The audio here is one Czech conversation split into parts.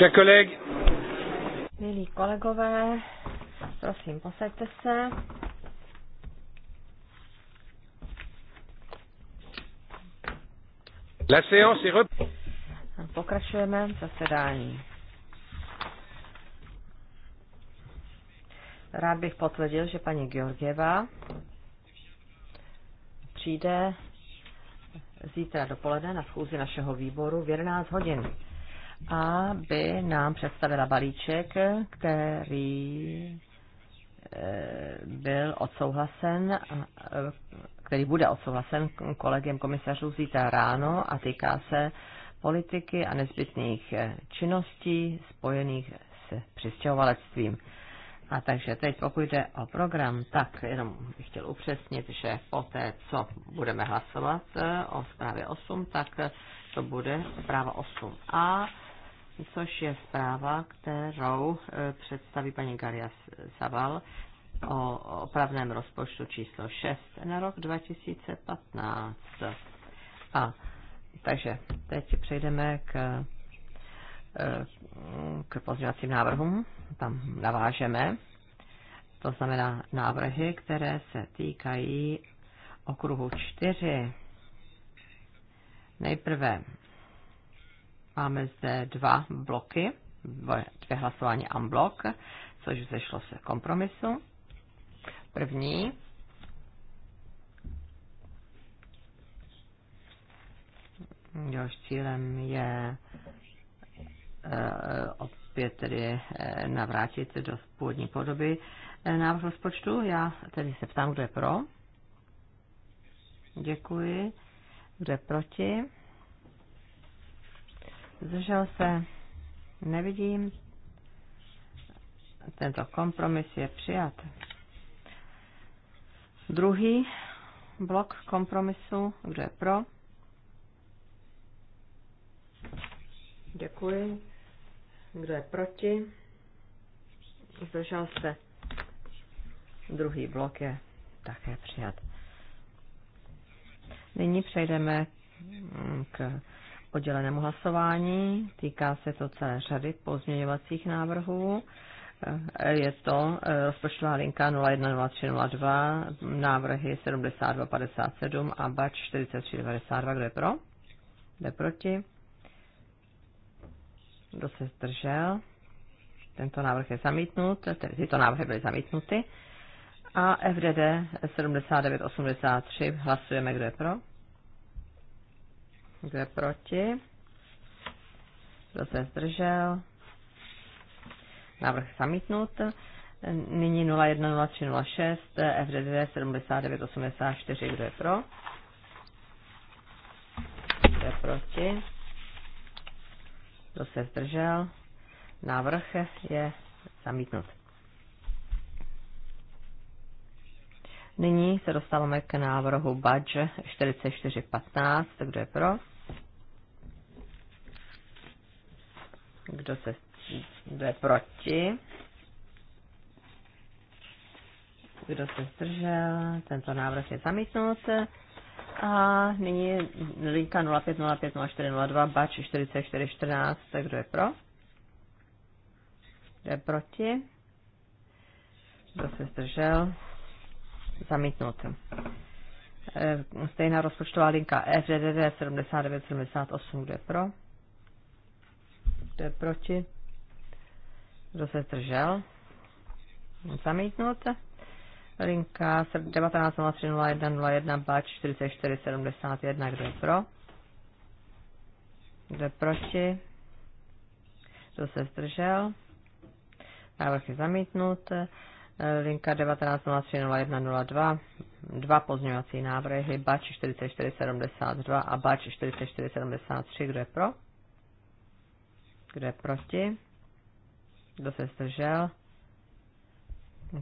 Chers collègues. Milí kolegové, prosím, posaďte se. La séance est rep... Pokračujeme v zasedání. Rád bych potvrdil, že paní Georgieva přijde zítra dopoledne na schůzi našeho výboru v 11 hodin aby nám představila balíček, který eh, byl odsouhlasen, eh, který bude odsouhlasen kolegiem komisařů zítra ráno a týká se politiky a nezbytných eh, činností spojených s přistěhovalectvím. A takže teď, pokud jde o program, tak jenom bych chtěl upřesnit, že po té, co budeme hlasovat o zprávě 8, tak to bude zpráva 8a což je zpráva, kterou e, představí paní Garia Saval o opravném rozpočtu číslo 6 na rok 2015. A takže teď přejdeme k, e, k pozměňovacím návrhům. Tam navážeme. To znamená návrhy, které se týkají okruhu 4. Nejprve Máme zde dva bloky, dvě hlasování blok, což zešlo se kompromisu. První Jož cílem je eh, opět tedy eh, navrátit do původní podoby eh, návrh rozpočtu. Já tedy se ptám, kdo je pro. Děkuji. Kdo je proti? zdržel se, nevidím. Tento kompromis je přijat. Druhý blok kompromisu, kdo je pro? Děkuji. Kdo je proti? Zdržel se. Druhý blok je také přijat. Nyní přejdeme k oddělenému hlasování. Týká se to celé řady pozměňovacích návrhů. Eh, je to eh, rozpočtová linka 010302, návrhy 7257 a bač 4392. Kdo je pro? Kdo je proti? Kdo se zdržel? Tento návrh je zamítnut, tyto návrhy byly zamítnuty. A FDD 7983 hlasujeme, kdo je pro? Kdo je proti? Kdo se zdržel? Návrh zamítnut. Nyní 010306 FDD 7984. Kdo je pro? Kdo je proti? Kdo se zdržel? Návrh je zamítnut. Nyní se dostáváme k návrhu Badge 4415. Kdo je pro? Kdo se kdo je proti? Kdo se zdržel? Tento návrh je zamítnut. A nyní linka 05050402, bač 4414, kdo je pro? Kdo je proti? Kdo se zdržel? zamítnut. Eh, stejná rozpočtová linka FDD 7978, kde pro? Kde je proti? Kdo se zdržel? Zamítnut. Linka 19.03.01.01 bač 4471, kdo je pro? Kdo je proti? Kdo se zdržel? Návrh je zamítnut linka 19030102, dva pozměňovací návrhy, bač 4472 a bač 4473, kdo je pro? Kdo je proti? Kdo se zdržel?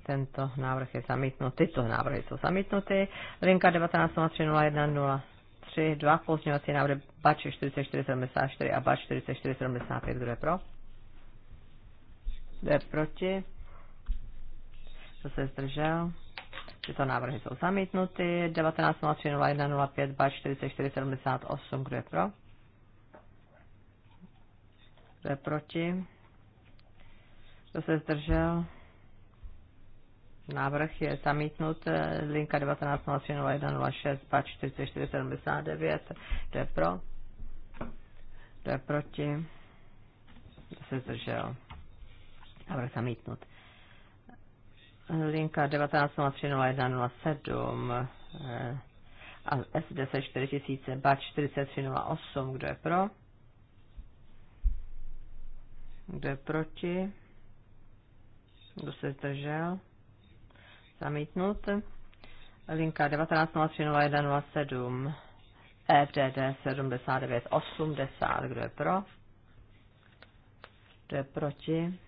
Tento návrh je zamítnut. Tyto návrhy jsou zamítnuty. Linka 19030103, dva pozměňovací návrhy, bač 4474 a bač 4475, kdo je pro? Kdo je proti? kdo se zdržel. Tyto návrhy jsou zamítnuty. 19.03.01.05 bar 44.78, kdo je pro? Kdo je proti? Kdo se zdržel? Návrh je zamítnut. Linka 19.03.01.06 bar 44.79, kdo je pro? Kdo je proti? Kdo se zdržel? Návrh zamítnut linka 19.03.01.07 eh, a S10 4000 BAT 4308, kdo je pro? Kdo je proti? Kdo se zdržel? Zamítnut. Linka 19.03.01.07 FDD 79.80, kdo je pro? Kdo je proti?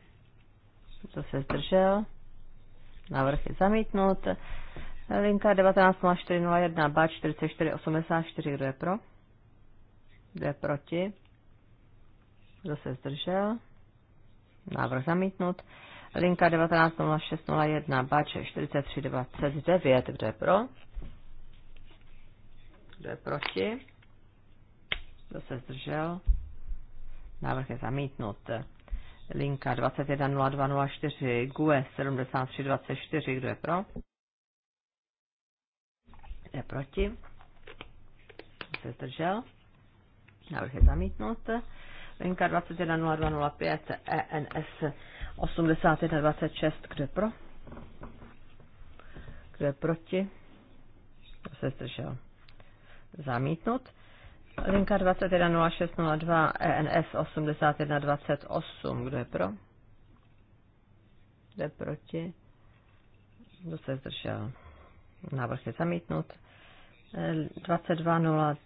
Kdo se zdržel? Návrh je zamítnut. Linka 190401 BAČ 4484. Kdo je pro? Kdo je proti? Kdo se zdržel? Návrh zamítnut. Linka 190601 BAČ 4329. Kdo je pro? Kdo je proti? Kdo se zdržel? Návrh je zamítnut linka 210204, GUE 7324, kdo je pro? Kdo je proti? Kdo se zdržel? Návrh je zamítnut. Linka 210205, ENS 8126, kdo je pro? Kdo je proti? Kdo se zdržel? Zamítnut. Linka 210602 ENS 8128. Kdo je pro? Kdo je proti? Kdo se zdržel? Návrh je zamítnut. 22020301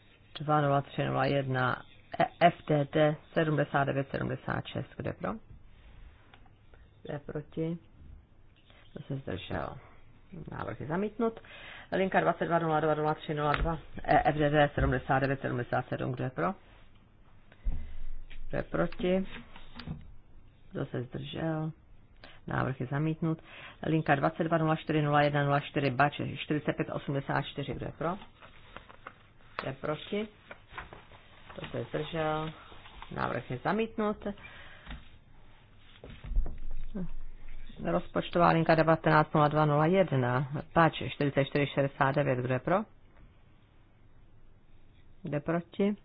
FDD 7976. Kdo je pro? Kdo je proti? Kdo se zdržel? Návrh je zamítnut. Linka 22020302 FDD 7977, kdo je pro? Kdo je proti? Kdo se zdržel? Návrh je zamítnut. Linka 22040104 bač 4584, kdo je pro? Kdo je proti? Kdo se zdržel? Návrh je zamítnut. Rozpočtová linka 190201, páč 4469, kdo je pro? Jde proti?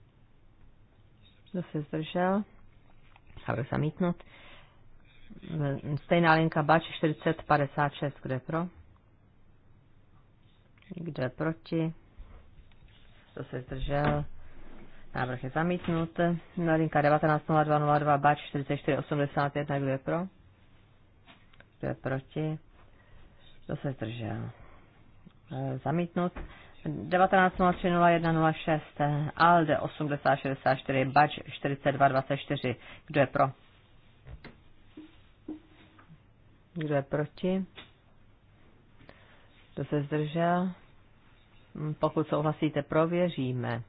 Kdo se zdržel? Návrh zamítnut. Stejná linka bač 4056, kdo je pro? Kdo je proti? Kdo se zdržel? Návrh je zamítnut. Linka 190202 bač 4481, kdo je pro? Kdo je proti? Kdo se zdržel? E, zamítnut. 19.03.01.06 e, ALDE 8064 BAČ 4224. Kdo je pro? Kdo je proti? Kdo se zdržel? Hm, pokud souhlasíte, prověříme.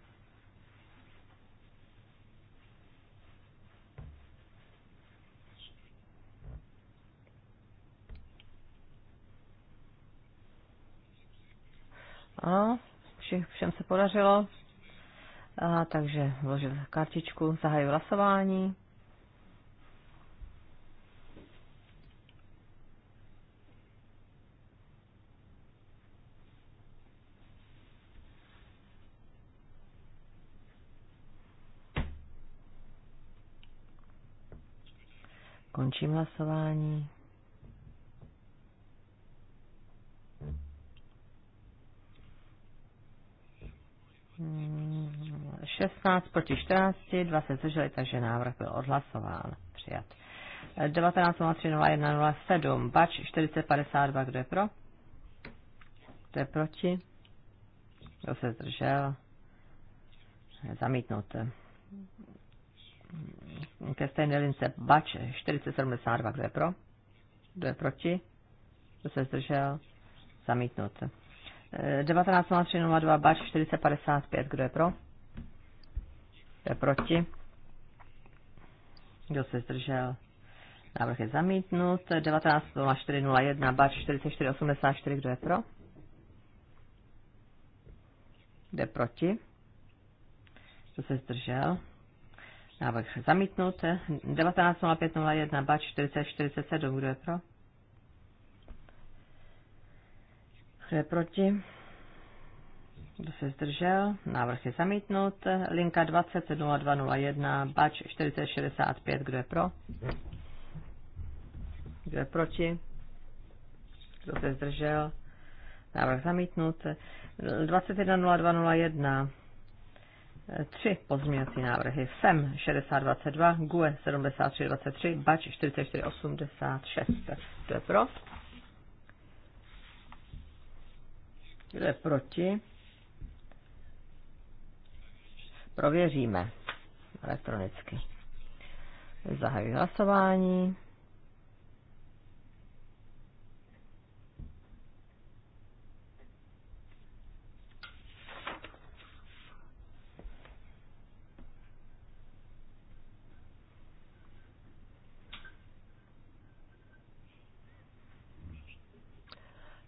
vši, všem se podařilo. A, takže vložil kartičku, zahajuji hlasování. Končím hlasování. 16 proti 14, 2 se zdrželi, takže návrh byl odhlasován. Přijat. 19.03.01.07, bač 4052, kdo je pro? Kdo je proti? Kdo se zdržel? Zamítnut. Ke stejné lince bač 4072, kdo je pro? Kdo je proti? Kdo se zdržel? Zamítnut. 19.03.02 bač 40.55. Kdo je pro? Kdo je proti? Kdo se zdržel? Návrh je zamítnut. 19.04.01 bač 44.84. Kdo je pro? Kdo je proti? Kdo se zdržel? Návrh zamítnut. 19.05.01 bač 40.47. Kdo je pro? Kdo je proti? Kdo se zdržel? Návrh je zamítnut. Linka 200201, bač 4065. Kdo je pro? Kdo je proti? Kdo se zdržel? Návrh zamítnut. 210201. Tři pozměňovací návrhy. Sem 6022, GUE 7323, BAČ 4486. Kdo je pro? Kdo je proti? Prověříme elektronicky. Zahajuji hlasování.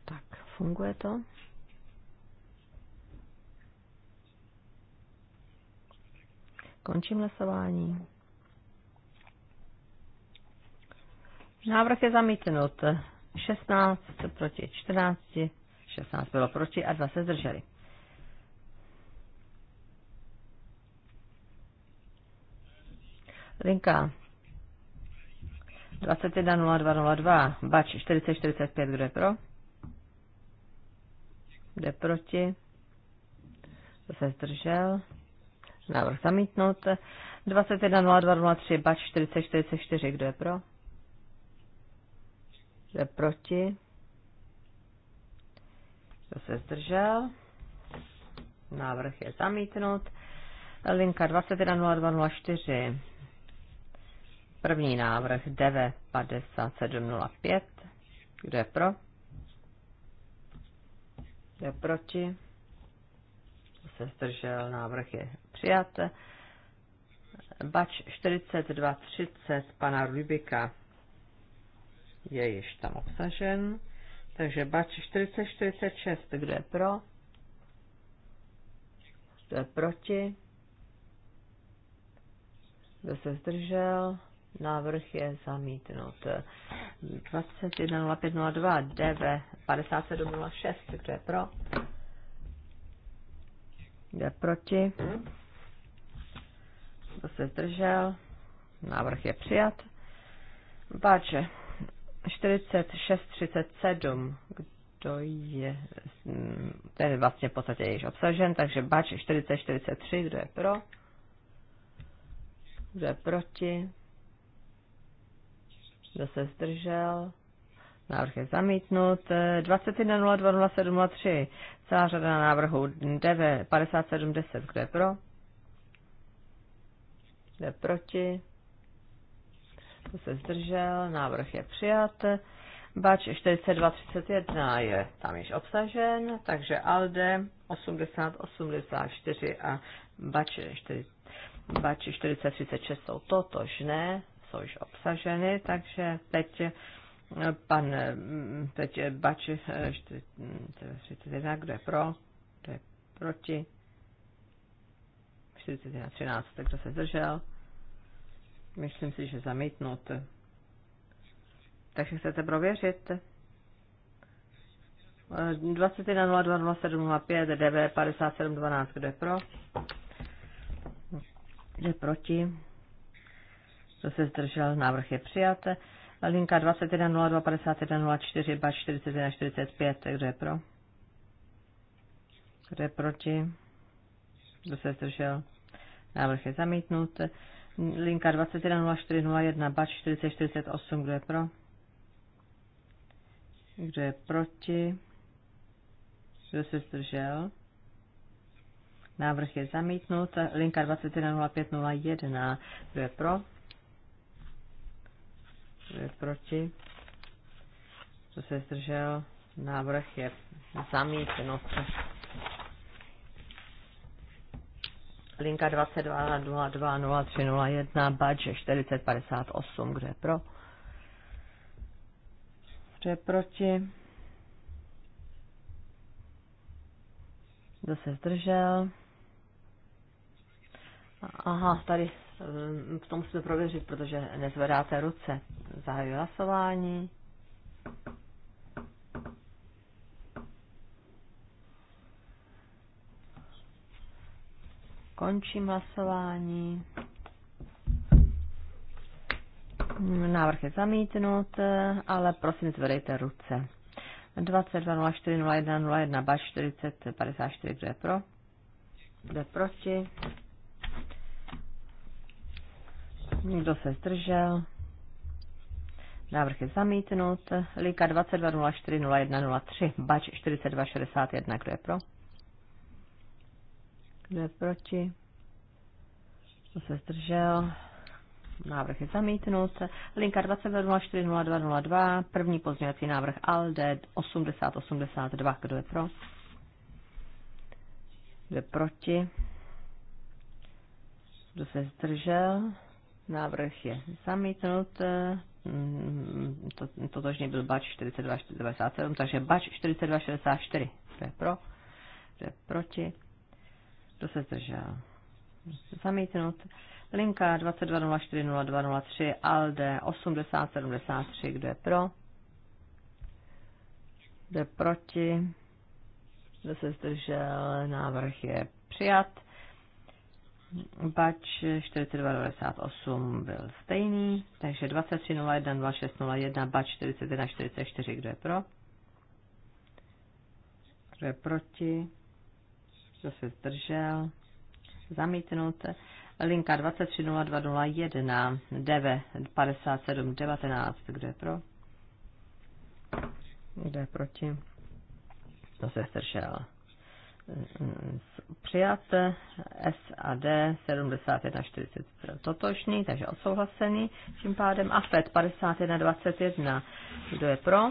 Tak, funguje to? Končím hlasování. Návrh je zamítnut. 16 proti 14, 16 bylo proti a 2 se zdrželi. Linka 210202, bač 4045, kdo je pro? Kdo proti? Kdo se zdržel? Návrh zamítnut. 210203 bač 4044. Kdo je pro? Kdo je proti? Kdo se zdržel? Návrh je zamítnut. Linka 210204. První návrh 95705. Kdo je pro? Kdo je proti? se zdržel, návrh je přijat. Bač 4230 pana Rubika je již tam obsažen. Takže bač 4046, kdo je pro? Kdo je proti? Kdo se zdržel? Návrh je zamítnut. 21.05.02, DV 57.06, kdo je pro? Jde proti. Kdo se zdržel? Návrh je přijat. Páče, 4637. Kdo je? Ten je vlastně v podstatě již obsažen, takže bač 4043. Kdo je pro? Kdo je proti? Kdo se zdržel? Návrh je zamítnut. 21.02.07.03. Celá řada návrhů. DV 57.10. Kdo je pro? Kdo je proti? Kdo se zdržel? Návrh je přijat. Bač 42.31 je tam již obsažen, takže ALDE 80.84 a Bač, 4, Bač 40.36 jsou totožné, jsou již obsaženy, takže teď Pan mm, teď je Bač, eh, eh, kdo je pro, kdo je proti. 41 13, tak kdo se zdržel. Myslím si, že zamítnut. Takže chcete prověřit? 21.02.07.05, DB 5712 12, kdo je pro? Kdo je proti? Kdo se zdržel? Návrh je přijat linka 2102 51 ba kdo je pro? Kdo je proti? Kdo se zdržel? Návrh je zamítnut. Linka 210401 ba 4048, kdo je pro? Kdo je proti? Kdo se zdržel? Návrh je zamítnut. Linka 210501, kdo je pro? je proti, kdo se zdržel, návrh je zamítnut. Linka 22020301, badge 4058, kdo je pro? Kdo je proti? Kdo se zdržel? Aha, tady Ehm, to musíme prověřit, protože nezvedáte ruce. Zahajuji hlasování. Končím hlasování. Návrh je zamítnut, ale prosím zvedejte ruce. 22.04.01.01 bač 40.54, kdo je pro? Kdo je proti? Nikdo se zdržel? Návrh je zamítnut. Lika 22040103, bač 4261. Kdo je pro? Kdo je proti? Kdo se zdržel? Návrh je zamítnut. Linka 22040202, první pozměňovací návrh ALDE 8082. Kdo je pro? Kdo je proti? Kdo se zdržel? Návrh je zamítnut. Totožný byl bač 4297, takže bač 4264. Kdo je pro? Kdo je proti? Kdo se zdržel? Zamítnut. Linka 22040203 ALDE 8073. Kdo je pro? Kdo je proti? Kdo se zdržel? Návrh je přijat. Bač 4298 byl stejný, takže 2301, 2601, Bač 41, 44, kdo je pro? Kdo je proti? Kdo se zdržel? Zamítnut. Linka 230201, DV 5719, kdo je pro? Kdo je proti? Kdo se zdržel? přijat SAD 7140 totožný, takže odsouhlasený, tím pádem FED e 5121, kdo je pro,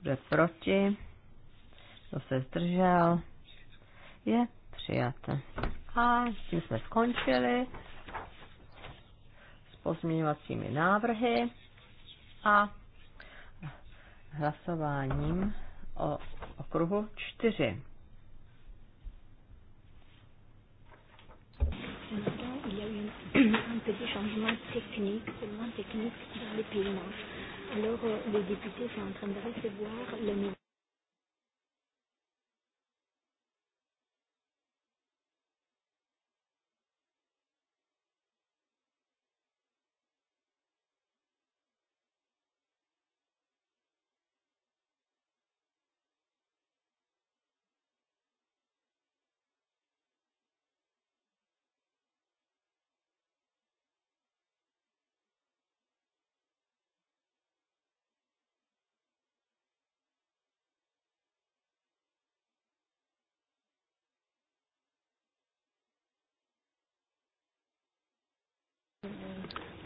kdo je proti, kdo se zdržel, je přijat. A tím jsme skončili s pozměňovacími návrhy a hlasováním o okruhu 4. un petit changement technique, seulement technique dans les paiements. Alors, euh, les députés sont en train de recevoir le nouveau.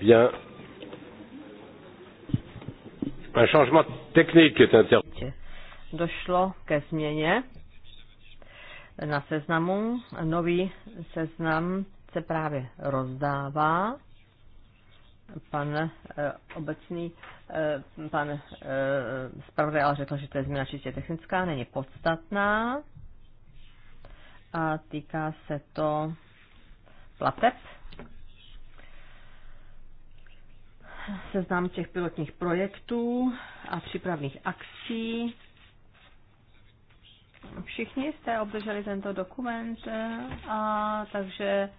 Bien. Un changement technique est inter... Došlo ke změně na seznamu. Nový seznam se právě rozdává. Pan eh, obecný, eh, pan e, zpravodaj ale řekl, že to je změna čistě technická, není podstatná. A týká se to plateb seznam těch pilotních projektů a přípravných akcí. Všichni jste obdrželi tento dokument, eh, a takže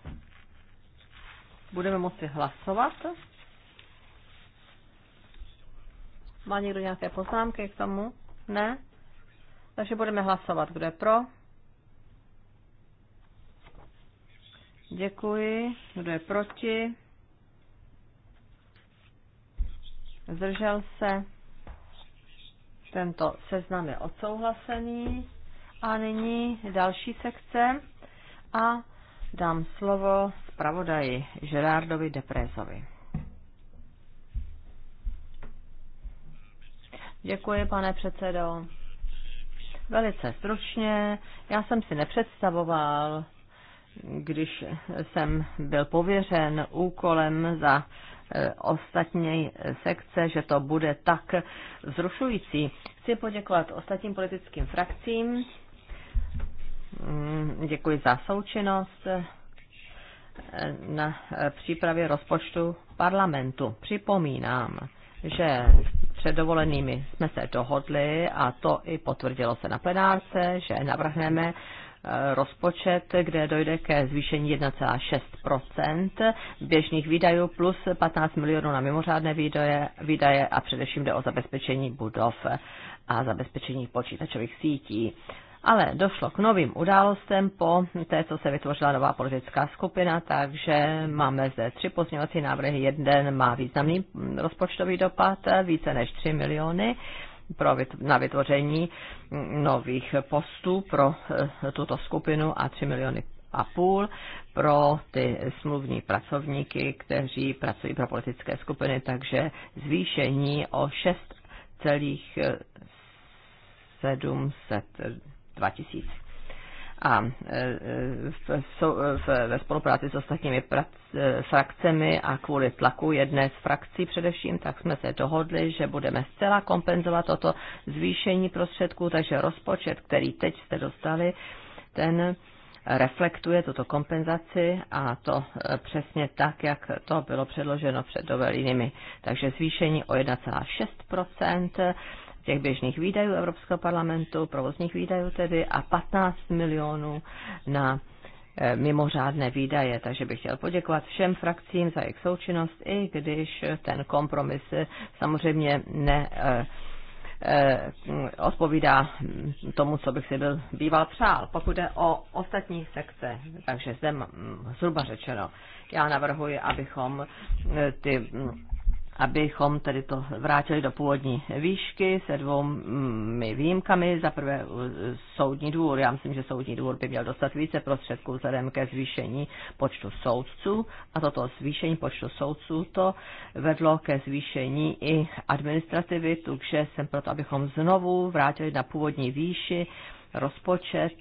budeme moci hlasovat. Má někdo nějaké poznámky k tomu? Ne? Takže budeme hlasovat. Kdo je pro? Děkuji. Kdo je proti? zdržel se, tento seznam je odsouhlasený. A nyní další sekce a dám slovo zpravodaji Gerardovi Deprézovi. Děkuji, pane předsedo. Velice stručně, já jsem si nepředstavoval, když jsem byl pověřen úkolem za Eh, ostatní sekce, že to bude tak vzrušující. Chci poděkovat ostatním politickým frakcím. Mm, děkuji za součinnost eh, na eh, přípravě rozpočtu parlamentu. Připomínám, že před dovolenými jsme se dohodli a to i potvrdilo se na plenárce, že navrhneme rozpočet, kde dojde ke zvýšení 1,6 běžných výdajů plus 15 milionů na mimořádné výdaje, výdaje a především jde o zabezpečení budov a zabezpečení počítačových sítí. Ale došlo k novým událostem po té, co se vytvořila nová politická skupina, takže máme zde tři pozměňovací návrhy. Jeden má významný mm, rozpočtový dopad, více než 3 miliony pro, na vytvoření nových postů pro eh, tuto skupinu a 3 miliony a půl pro ty smluvní pracovníky, kteří pracují pro politické skupiny, takže zvýšení o 6,700 2000 a e, e, v, v, ve spolupráci s ostatními prac, e, frakcemi a kvůli tlaku jedné z frakcí především, tak jsme se dohodli, že budeme zcela kompenzovat toto zvýšení prostředků, takže rozpočet, který teď jste dostali, ten reflektuje tuto kompenzaci a to přesně tak, jak to bylo předloženo před dovelinými. Takže zvýšení o 1,6% těch běžných výdajů Evropského parlamentu, provozních výdajů tedy, a 15 milionů na eh, mimořádné výdaje. Takže bych chtěl poděkovat všem frakcím za jejich součinnost, i když ten kompromis samozřejmě ne eh, eh, odpovídá tomu, co bych si byl býval přál. Pokud jde o ostatní sekce, takže zde zhruba řečeno, já navrhuji, abychom ty abychom tedy to vrátili do původní výšky se dvoumi výjimkami. Za prvé soudní dvůr. Já myslím, že soudní dvůr by měl dostat více prostředků vzhledem ke zvýšení počtu soudců. A toto zvýšení počtu soudců to vedlo ke zvýšení i administrativy, takže jsem proto, abychom znovu vrátili na původní výši rozpočet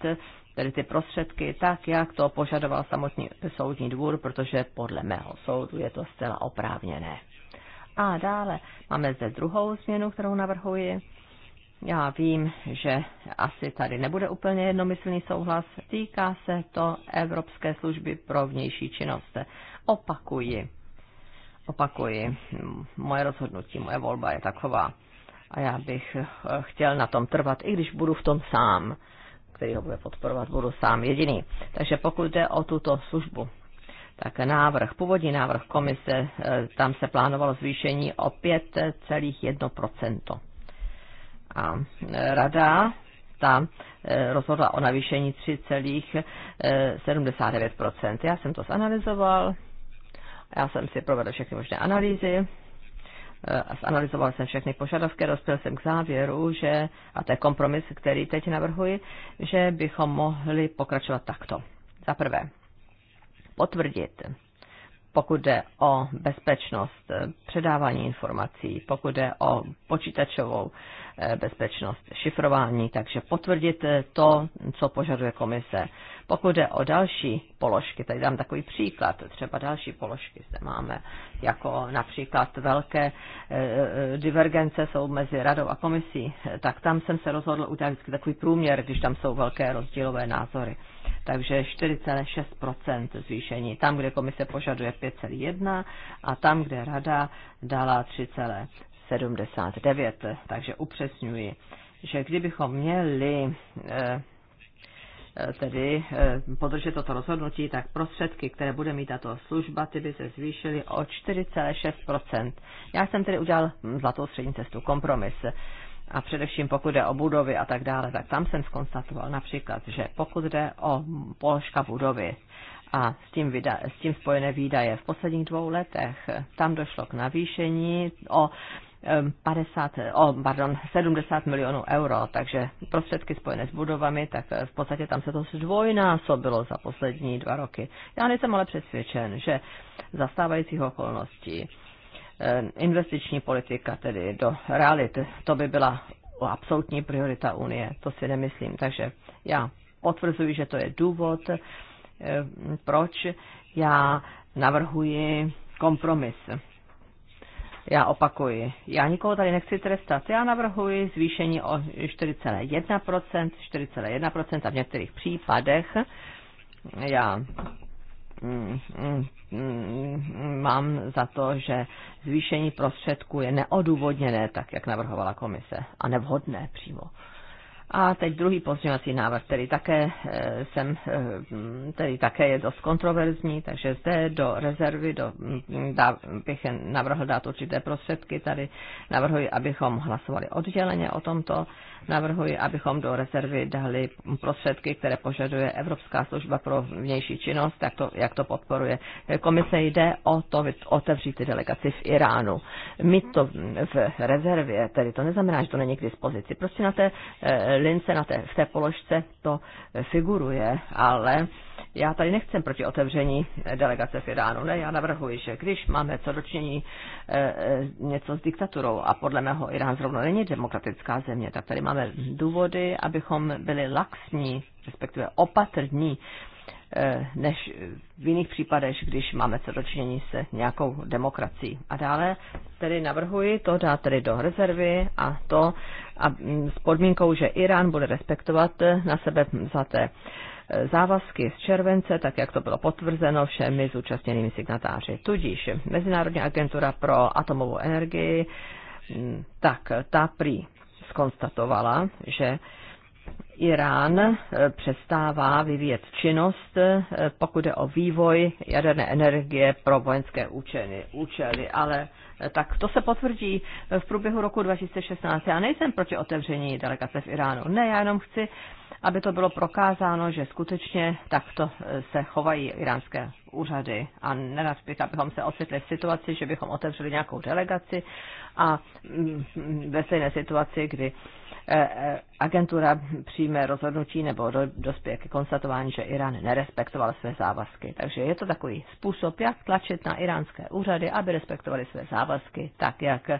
tedy ty prostředky tak, jak to požadoval samotný soudní dvůr, protože podle mého soudu je to zcela oprávněné. A dále máme zde druhou změnu, kterou navrhuji. Já vím, že asi tady nebude úplně jednomyslný souhlas. Týká se to Evropské služby pro vnější činnost. Opakuji. Opakuji. Moje rozhodnutí, moje volba je taková. A já bych eh, chtěl na tom trvat, i když budu v tom sám, který ho bude podporovat, budu sám jediný. Takže pokud jde o tuto službu tak návrh, původní návrh komise, eh, tam se plánovalo zvýšení o 5,1%. A eh, rada ta eh, rozhodla o navýšení 3,79%. Já jsem to zanalizoval, já jsem si provedl všechny možné analýzy, zanalizoval jsem všechny požadavky, dospěl jsem k závěru, že, a to je kompromis, který teď navrhuji, že bychom mohli pokračovat takto. Za prvé, potvrdit. Pokud jde o bezpečnost eh, předávání informací, pokud jde o počítačovou Eh, bezpečnost šifrování, takže potvrdit eh, to, co požaduje komise. Pokud jde o další položky, tady dám takový příklad, třeba další položky zde máme, jako například velké eh, divergence jsou mezi radou a komisí, tak tam jsem se rozhodl udělat vždycky takový průměr, když tam jsou velké rozdílové názory. Takže 4,6% zvýšení, tam, kde komise požaduje 5,1 a tam, kde rada dala 79. Takže upřesňuji, že kdybychom měli eh, eh, tedy eh, podržet toto rozhodnutí, tak prostředky, které bude mít tato služba, ty by se zvýšily o 4,6%. Já jsem tedy udělal zlatou střední cestu, kompromis. A především pokud jde o budovy a tak dále, tak tam jsem skonstatoval například, že pokud jde o položka budovy a s tím, vida, s tím spojené výdaje v posledních dvou letech, tam došlo k navýšení o 50, oh, pardon, 70 milionů euro, takže prostředky spojené s budovami, tak eh, v podstatě tam se to zdvojnásobilo za poslední dva roky. Já nejsem ale přesvědčen, že zastávajících okolností eh, investiční politika, tedy do realit, to by byla absolutní priorita Unie, to si nemyslím. Takže já potvrzuji, že to je důvod, eh, proč já navrhuji kompromis já opakuji, já nikoho tady nechci trestat. Já navrhuji zvýšení o 4,1%, 4,1% a v některých případech já mm, mm, mm, mám za to, že zvýšení prostředků je neodůvodněné, tak jak navrhovala komise, a nevhodné přímo. A teď druhý pozměňovací návrh, který také, eh, jsem, eh, který také je dost kontroverzní, takže zde do rezervy do, hm, dá, bych navrhl dát určité prostředky. Tady navrhuji, abychom hlasovali odděleně o tomto. Navrhuji, abychom do rezervy dali prostředky, které požaduje Evropská služba pro vnější činnost, jak to, jak to podporuje. Komise jde o to otevřít ty delegaci v Iránu. Mít to v rezervě, tedy to neznamená, že to není k dispozici. Prostě na té eh, lince na té, v té položce to eh, figuruje, ale já tady nechcem proti otevření eh, delegace v Iránu. Ne, já navrhuji, že když máme co dočinění e, něco s diktaturou a podle mého Irán zrovna není demokratická země, tak tady máme důvody, abychom byli laxní, respektive opatrní, Eh, než v jiných případech, když máme co dočinění se nějakou demokracií. A dále tedy navrhuji to dát tedy do rezervy a to a mm, s podmínkou, že Irán bude respektovat eh, na sebe za té eh, závazky z července, tak jak to bylo potvrzeno všemi zúčastněnými signatáři. Tudíž Mezinárodní agentura pro atomovou energii, mm, tak ta prý skonstatovala, že Irán eh, přestává vyvíjet činnost, eh, pokud je o vývoj jaderné energie pro vojenské účely, účely, ale eh, tak to se potvrdí v průběhu roku 2016. Já nejsem proti otevření delegace v Iránu. Ne, já jenom chci, aby to bylo prokázáno, že skutečně takto se chovají iránské úřady. A nerad bych, abychom se ocitli v situaci, že bychom otevřeli nějakou delegaci a mm, mm, ve stejné situaci, kdy agentura při přijme rozhodnutí nebo do, dospěje ke konstatování, že Irán nerespektoval své závazky. Takže je to takový způsob, jak tlačit na iránské úřady, aby respektovali své závazky, tak jak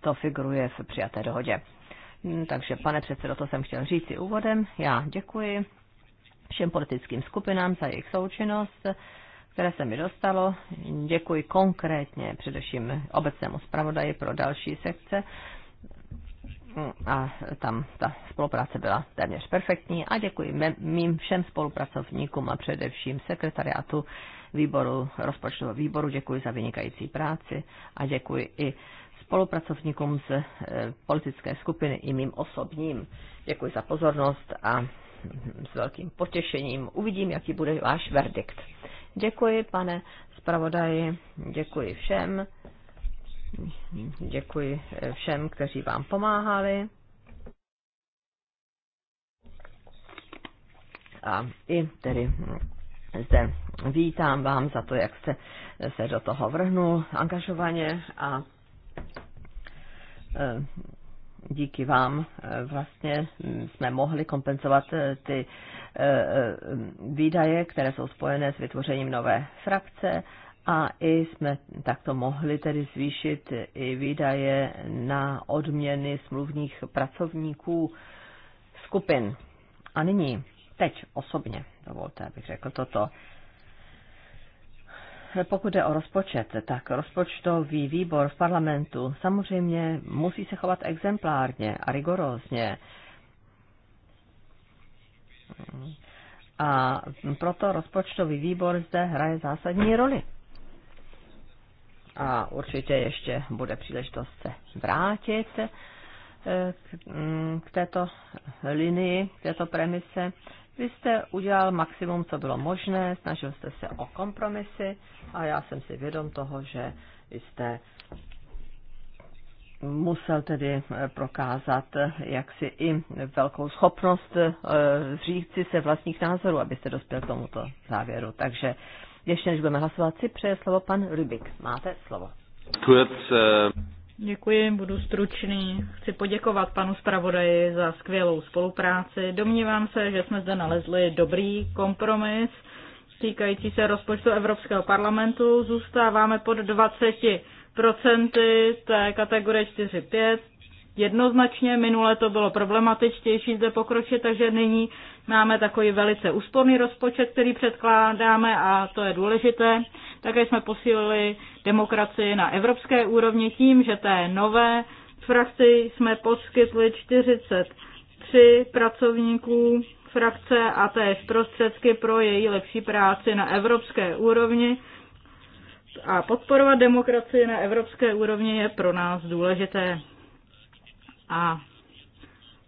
to figuruje v přijaté dohodě. Hm, takže, pane předsedo, to jsem chtěl říct i úvodem. Já děkuji všem politickým skupinám za jejich součinnost, které se mi dostalo. Děkuji konkrétně především obecnému zpravodaji pro další sekce a tam ta spolupráce byla téměř perfektní a děkuji mým všem spolupracovníkům a především sekretariátu výboru, rozpočtového výboru, děkuji za vynikající práci a děkuji i spolupracovníkům z eh, politické skupiny i mým osobním. Děkuji za pozornost a s velkým potěšením uvidím, jaký bude váš verdikt. Děkuji, pane zpravodaji, děkuji všem. Děkuji všem, kteří vám pomáhali. A i tedy zde vítám vám za to, jak jste se do toho vrhnul angažovaně a e, díky vám e, vlastně jsme mohli kompenzovat e, ty výdaje, které jsou spojené s vytvořením nové frakce a i jsme takto mohli tedy zvýšit i výdaje na odměny smluvních pracovníků skupin. A nyní, teď osobně, dovolte, abych řekl toto. Pokud jde o rozpočet, tak rozpočtový výbor v parlamentu samozřejmě musí se chovat exemplárně a rigorózně. A proto rozpočtový výbor zde hraje zásadní roli a určitě ještě bude příležitost se vrátit eh, mm, k této linii, k této premise. Vy jste udělal maximum, co bylo možné, snažil jste se o kompromisy a já jsem si vědom toho, že jste musel tedy eh, prokázat eh, jaksi i velkou schopnost říct si se vlastních názorů, abyste dospěl k tomuto závěru. Takže ještě než budeme hlasovat, si přeje slovo pan Rubik. Máte slovo. Děkuji, budu stručný. Chci poděkovat panu zpravodaji za skvělou spolupráci. Domnívám se, že jsme zde nalezli dobrý kompromis týkající se rozpočtu Evropského parlamentu. Zůstáváme pod 20% té kategorie 4-5. Jednoznačně minule to bylo problematičtější zde pokročit, takže nyní Máme takový velice úsporný rozpočet, který předkládáme a to je důležité. Také jsme posílili demokracii na evropské úrovni tím, že té nové frakci jsme poskytli 43 pracovníků frakce a též prostředky pro její lepší práci na evropské úrovni. A podporovat demokracii na evropské úrovni je pro nás důležité. A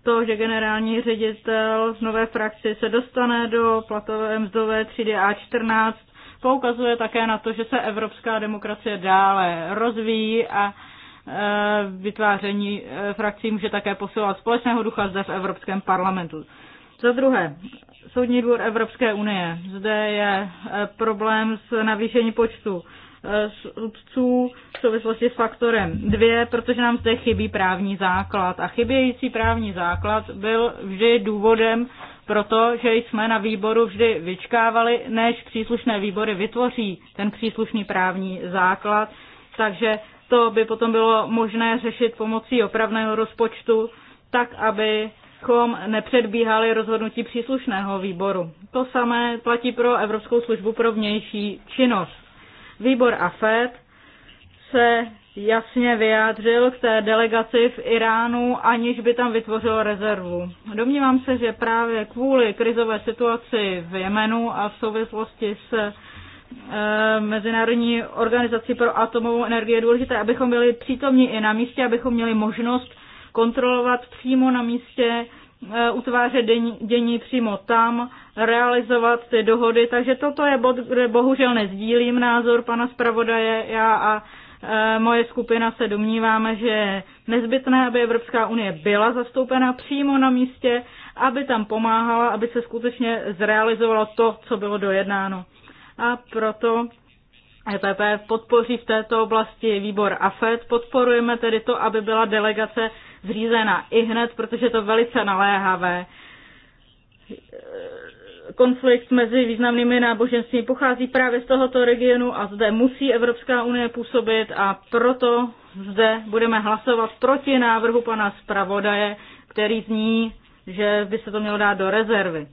to, že generální ředitel z nové frakce se dostane do platové mzdové třídy A14, poukazuje také na to, že se evropská demokracie dále rozvíjí a e, vytváření e, frakcí může také posilovat společného ducha zde v Evropském parlamentu. Za druhé, Soudní dvůr Evropské unie. Zde je e, problém s navýšení počtu Eh, soudců v souvislosti s faktorem 2, protože nám zde chybí právní základ. A chybějící právní základ byl vždy důvodem pro to, že jsme na výboru vždy vyčkávali, než příslušné výbory vytvoří ten příslušný právní základ. Takže to by potom bylo možné řešit pomocí opravného rozpočtu, tak aby kom nepředbíhali rozhodnutí příslušného výboru. To samé platí pro Evropskou službu pro vnější činnost. Výbor AFED se jasně vyjádřil k té delegaci v Iránu, aniž by tam vytvořil rezervu. Domnívám se, že právě kvůli krizové situaci v Jemenu a v souvislosti s eh, Mezinárodní organizací pro atomovou energii je důležité, abychom byli přítomní i na místě, abychom měli možnost kontrolovat přímo na místě Eh, utvářet dění, přímo tam, realizovat ty dohody. Takže toto je bod, kde bohužel nezdílím názor pana zpravodaje. Já a eh, moje skupina se domníváme, že je nezbytné, aby Evropská unie byla zastoupena přímo na místě, aby tam pomáhala, aby se skutečně zrealizovalo to, co bylo dojednáno. A proto EPP podpoří v této oblasti výbor AFED. Podporujeme tedy to, aby byla delegace zřízena i hned, protože je to velice naléhavé. Konflikt mezi významnými náboženstvími pochází právě z tohoto regionu a zde musí Evropská unie působit a proto zde budeme hlasovat proti návrhu pana zpravodaje, který zní, že by se to mělo dát do rezervy.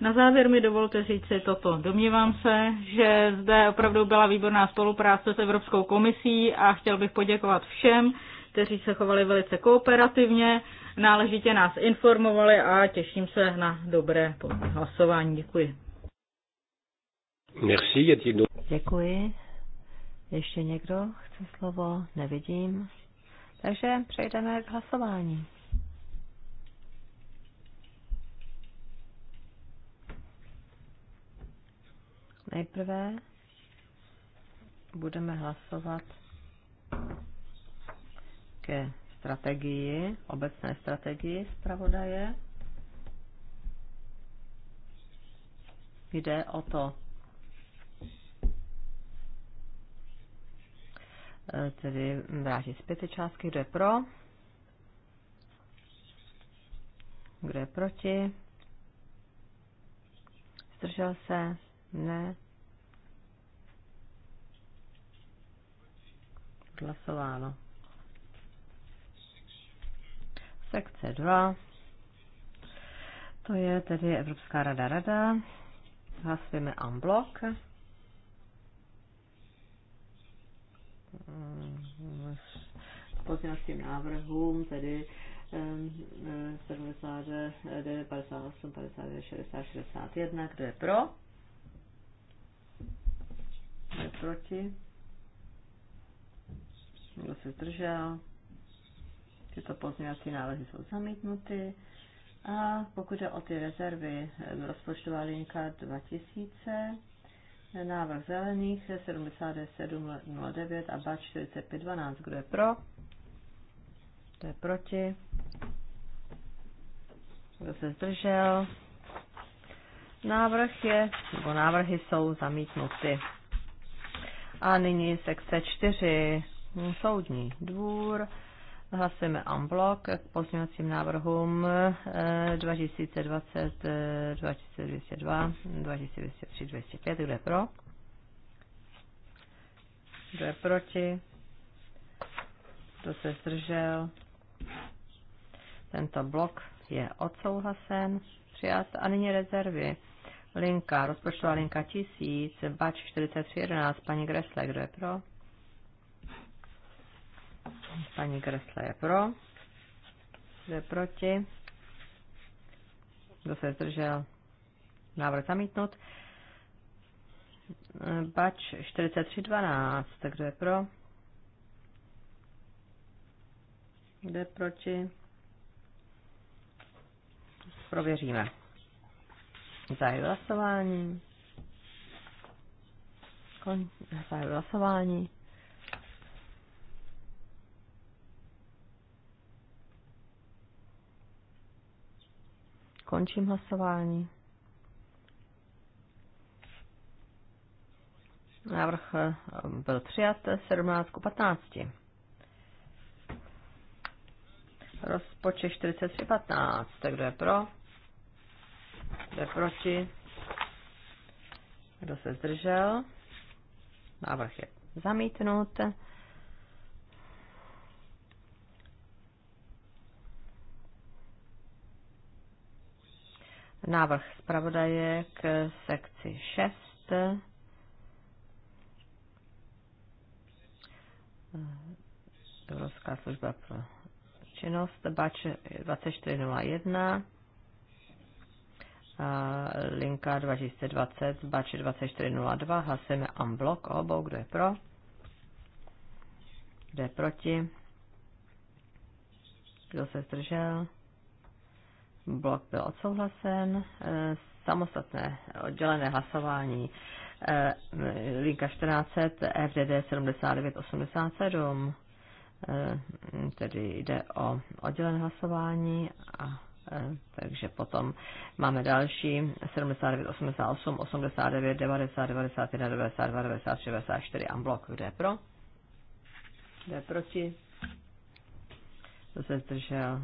Na závěr mi dovolte říct si toto. Domnívám se, že zde opravdu byla výborná spolupráce s Evropskou komisí a chtěl bych poděkovat všem, kteří se chovali velice kooperativně, náležitě nás informovali a těším se na dobré hlasování. Děkuji. Merci, Děkuji. Ještě někdo chce slovo? Nevidím. Takže přejdeme k hlasování. Nejprve budeme hlasovat ke strategii, obecné strategii zpravodaje. Jde o to, eh, tedy vrátit zpět ty částky, kdo je pro, kdo je proti, zdržel se, ne, odhlasováno. Sekce 2. To je tedy Evropská rada rada. Hlasujeme unblock. Mm, pozměňovacím návrhům, tedy 79, 58, 59, 60, 61. Kdo je pro? Kdo je proti? Kdo se zdržel? Tyto pozměňovací návrhy jsou zamítnuty. A pokud je o ty rezervy, eh, rozpočtová linka 2000, eh, návrh zelených 7709 eh, a BAT 4512. Kdo je pro? Kdo je proti? Kdo se zdržel? Návrh je, nebo návrhy jsou zamítnuty. A nyní sekce 4. Soudní dvůr. Hlasujeme unblock k pozměňovacím návrhům 2020, 2202, 2203, 205. Kdo je pro? Kdo je proti? Kdo se zdržel? Tento blok je odsouhlasen, přijat a nyní rezervy. Linka, rozpočtová linka 1000, bač 4311, paní Gresle, kdo je pro? Paní Kresla je pro. Kdo je proti? Kdo se zdržel? Návrh zamítnut. Bač 4312. Kdo je pro? Kdo je proti? Prověříme. Zahajuji hlasování. Zahajuji hlasování. Končím hlasování. Návrh eh, byl přijat 17 k 15. Rozpočet 43 15. Tak kdo je pro? Kdo je proti? Kdo se zdržel? Návrh je zamítnut. návrh zpravodaje k sekci 6. Evropská služba pro činnost, bač 2401, linka 2020, bač 2402, hlasujeme unblock obou, kdo je pro, kdo je proti, kdo se zdržel, blok byl odsouhlasen, e, samostatné oddělené hlasování e, linka 14 FDD 7987, tedy jde o oddělené hlasování a e, takže potom máme další 79, 88, 89, 90, 91, 92, 93, 94 a blok. kde je pro? Kde je proti? Kdo se zdržel?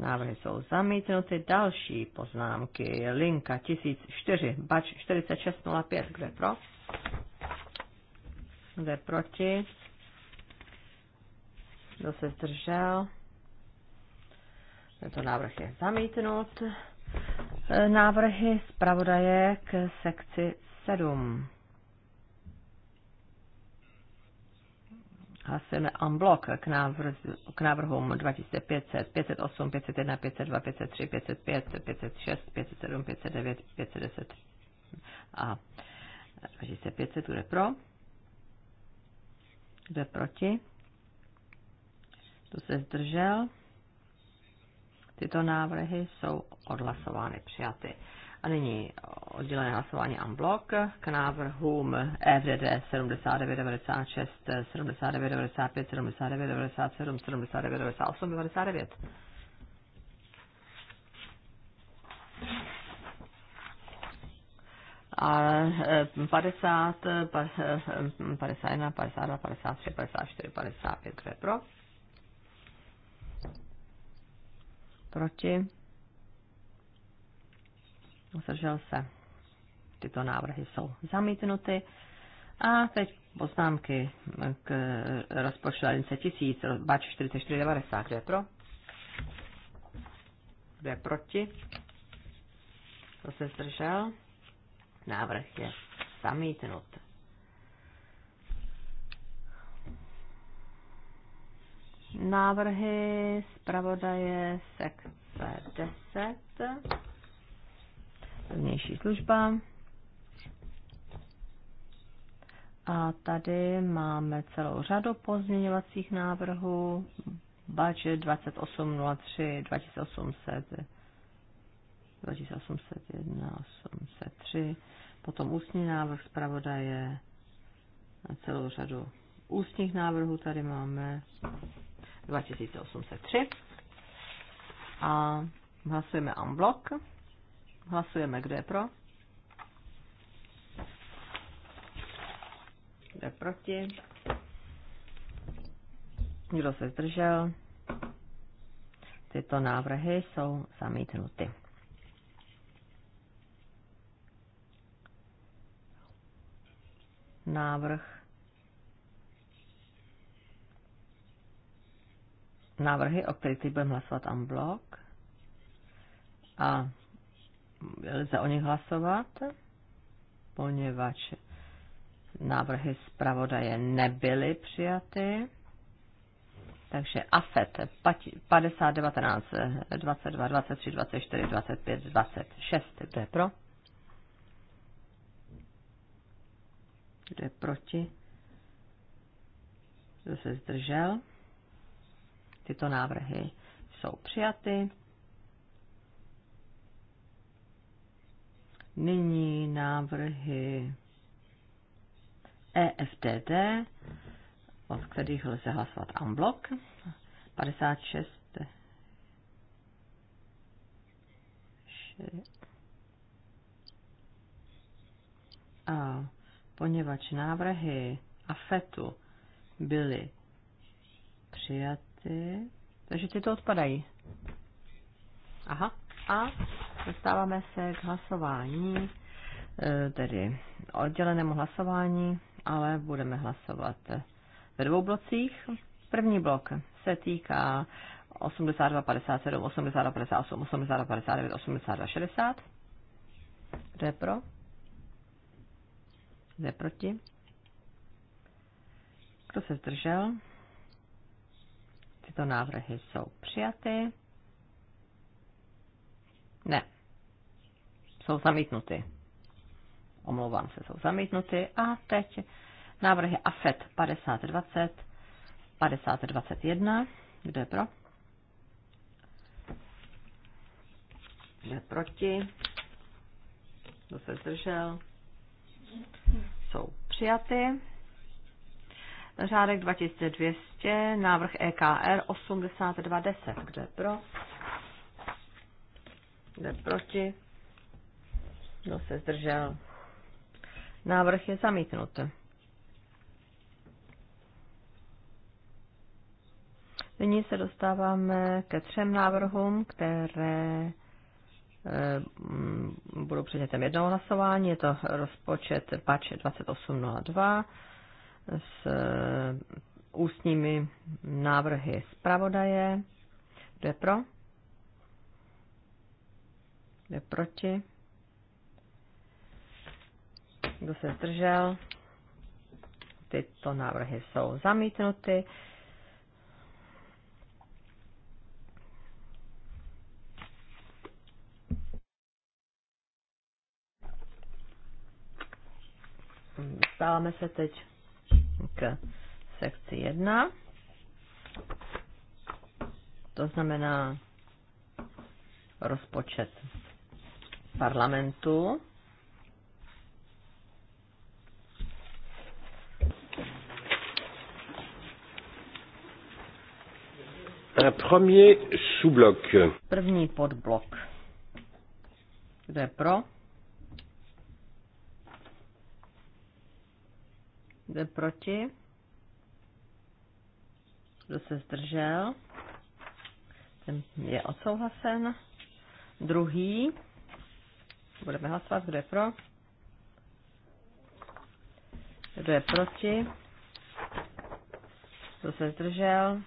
Návrhy jsou zamítnuty. Další poznámky. Linka 1004, bač 4605. Kde pro? Kde proti? Kdo se zdržel? Tento návrh je zamítnut. E, návrhy zpravodaje k sekci 7. hlasujeme unblock k, návrh, k návrhům 2500, 508, 501, 502, 503, 505, 506, 507, 509, 510 a 2500 bude pro. Kdo je proti? Kdo se zdržel? Tyto návrhy jsou odhlasovány, přijaty. A nyní oddělené hlasování unblock k návrhům EVD 79, 96, 79, 95, 99. A 50, 51, 52, 53, 54, 55, kdo je pro? Proti? zdržel se. Tyto návrhy jsou zamítnuty. A teď poznámky k rozpočtu lince 1000, bač 4490, kde je pro? Kdo je proti? Kdo se zdržel? Návrh je zamítnut. Návrhy zpravodaje sekce 10 vnější služba. A tady máme celou řadu pozměňovacích návrhů. Budget 2803, 2800, 2801, 803. Potom ústní návrh zpravodaje. A celou řadu ústních návrhů tady máme 2803. A hlasujeme unblock. Hlasujeme, kdo je pro. Kdo je proti. Kdo se zdržel. Tyto návrhy jsou zamítnuty. Návrh návrhy, o kterých teď budeme hlasovat en blok. A lze o nich hlasovat, poněvadž návrhy zpravodaje nebyly přijaty. Takže AFET 50, 19, 22, 23, 24, 25, 26. Kdo je pro? Kdo je proti? Kdo se zdržel? Tyto návrhy jsou přijaty. Nyní návrhy EFTT, od kterých lze hlasovat unblock, 56, 6. A poněvadž návrhy AFETu byly přijaty, takže ty to odpadají. Aha, a Dostáváme se k hlasování, e, tedy oddělenému hlasování, ale budeme hlasovat ve dvou blocích. První blok se týká 82, 57, 82, 58, 82, 59, 82, 60. Kdo je pro? Kdo je proti? Kdo se zdržel? Tyto návrhy jsou přijaty. Ne. Jsou zamítnuty. Omlouvám se, jsou zamítnuty. A teď návrhy AFET 5020, 5021. Kdo je pro? Kdo je proti? Kdo se zdržel? Jsou přijaty. Řádek 2200, návrh EKR 8210. Kdo je pro? Jde proti. Kdo se zdržel? Návrh je zamítnut. Nyní se dostáváme ke třem návrhům, které eh, budou předmětem jednoho hlasování. Je to rozpočet PAČ 2802 s eh, ústními návrhy zpravodaje. Kdo je pro? Kdo je proti? Kdo se zdržel? Tyto návrhy jsou zamítnuty. Dostáváme se teď k sekci 1. To znamená rozpočet parlamentu. Un premier sous-bloc. První podblok. Kdo je pro? Kdo je proti? Kdo se zdržel? Ten je odsouhlasen. Druhý. Budeme hlasovat, kdo je pro. Kdo je proti? Kdo se zdržel?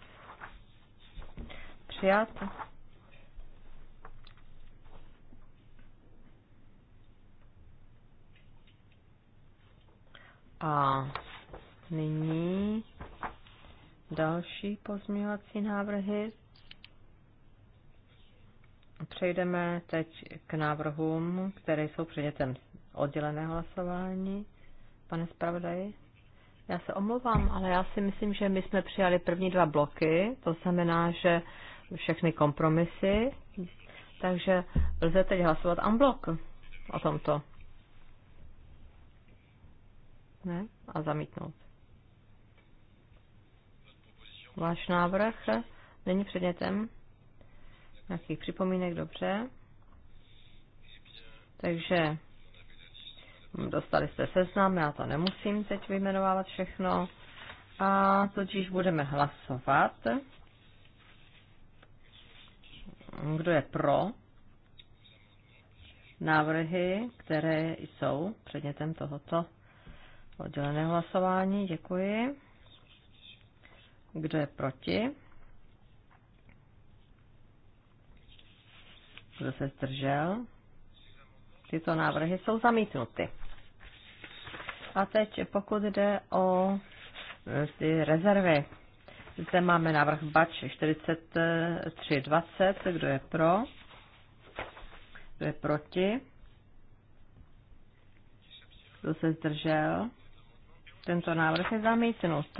Přijat. A nyní další pozměňovací návrhy. Přejdeme teď k návrhům, které jsou předmětem oddělené hlasování. Pane zpravodaji? Já se omlouvám, ale já si myslím, že my jsme přijali první dva bloky, to znamená, že všechny kompromisy, takže lze teď hlasovat blok o tomto. Ne? A zamítnout. Váš návrh není předmětem Nějakých připomínek, dobře. Takže dostali jste seznam, já to nemusím teď vyjmenovávat všechno. A totiž budeme hlasovat. Kdo je pro návrhy, které jsou předmětem tohoto odděleného hlasování? Děkuji. Kdo je proti? Kdo se zdržel? Tyto návrhy jsou zamítnuty. A teď pokud jde o e, ty rezervy. Zde máme návrh BAČ 4320. Kdo je pro? Kdo je proti? Kdo se zdržel? Tento návrh je zamítnut.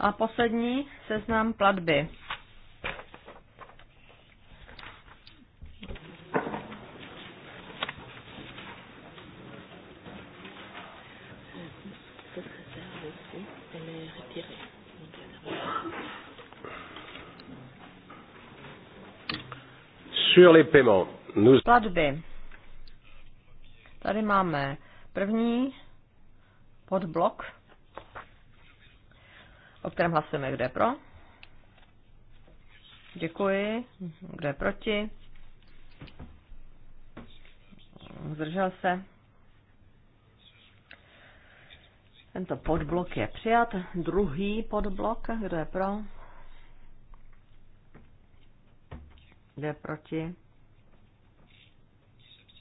A poslední seznam platby. Sur les paiements. Nous... Platby. Tady máme první podblok o kterém hlasujeme, kdo je pro. Děkuji. Kdo je proti? Zdržel se. Tento podblok je přijat. Druhý podblok, kdo je pro? Kdo je proti?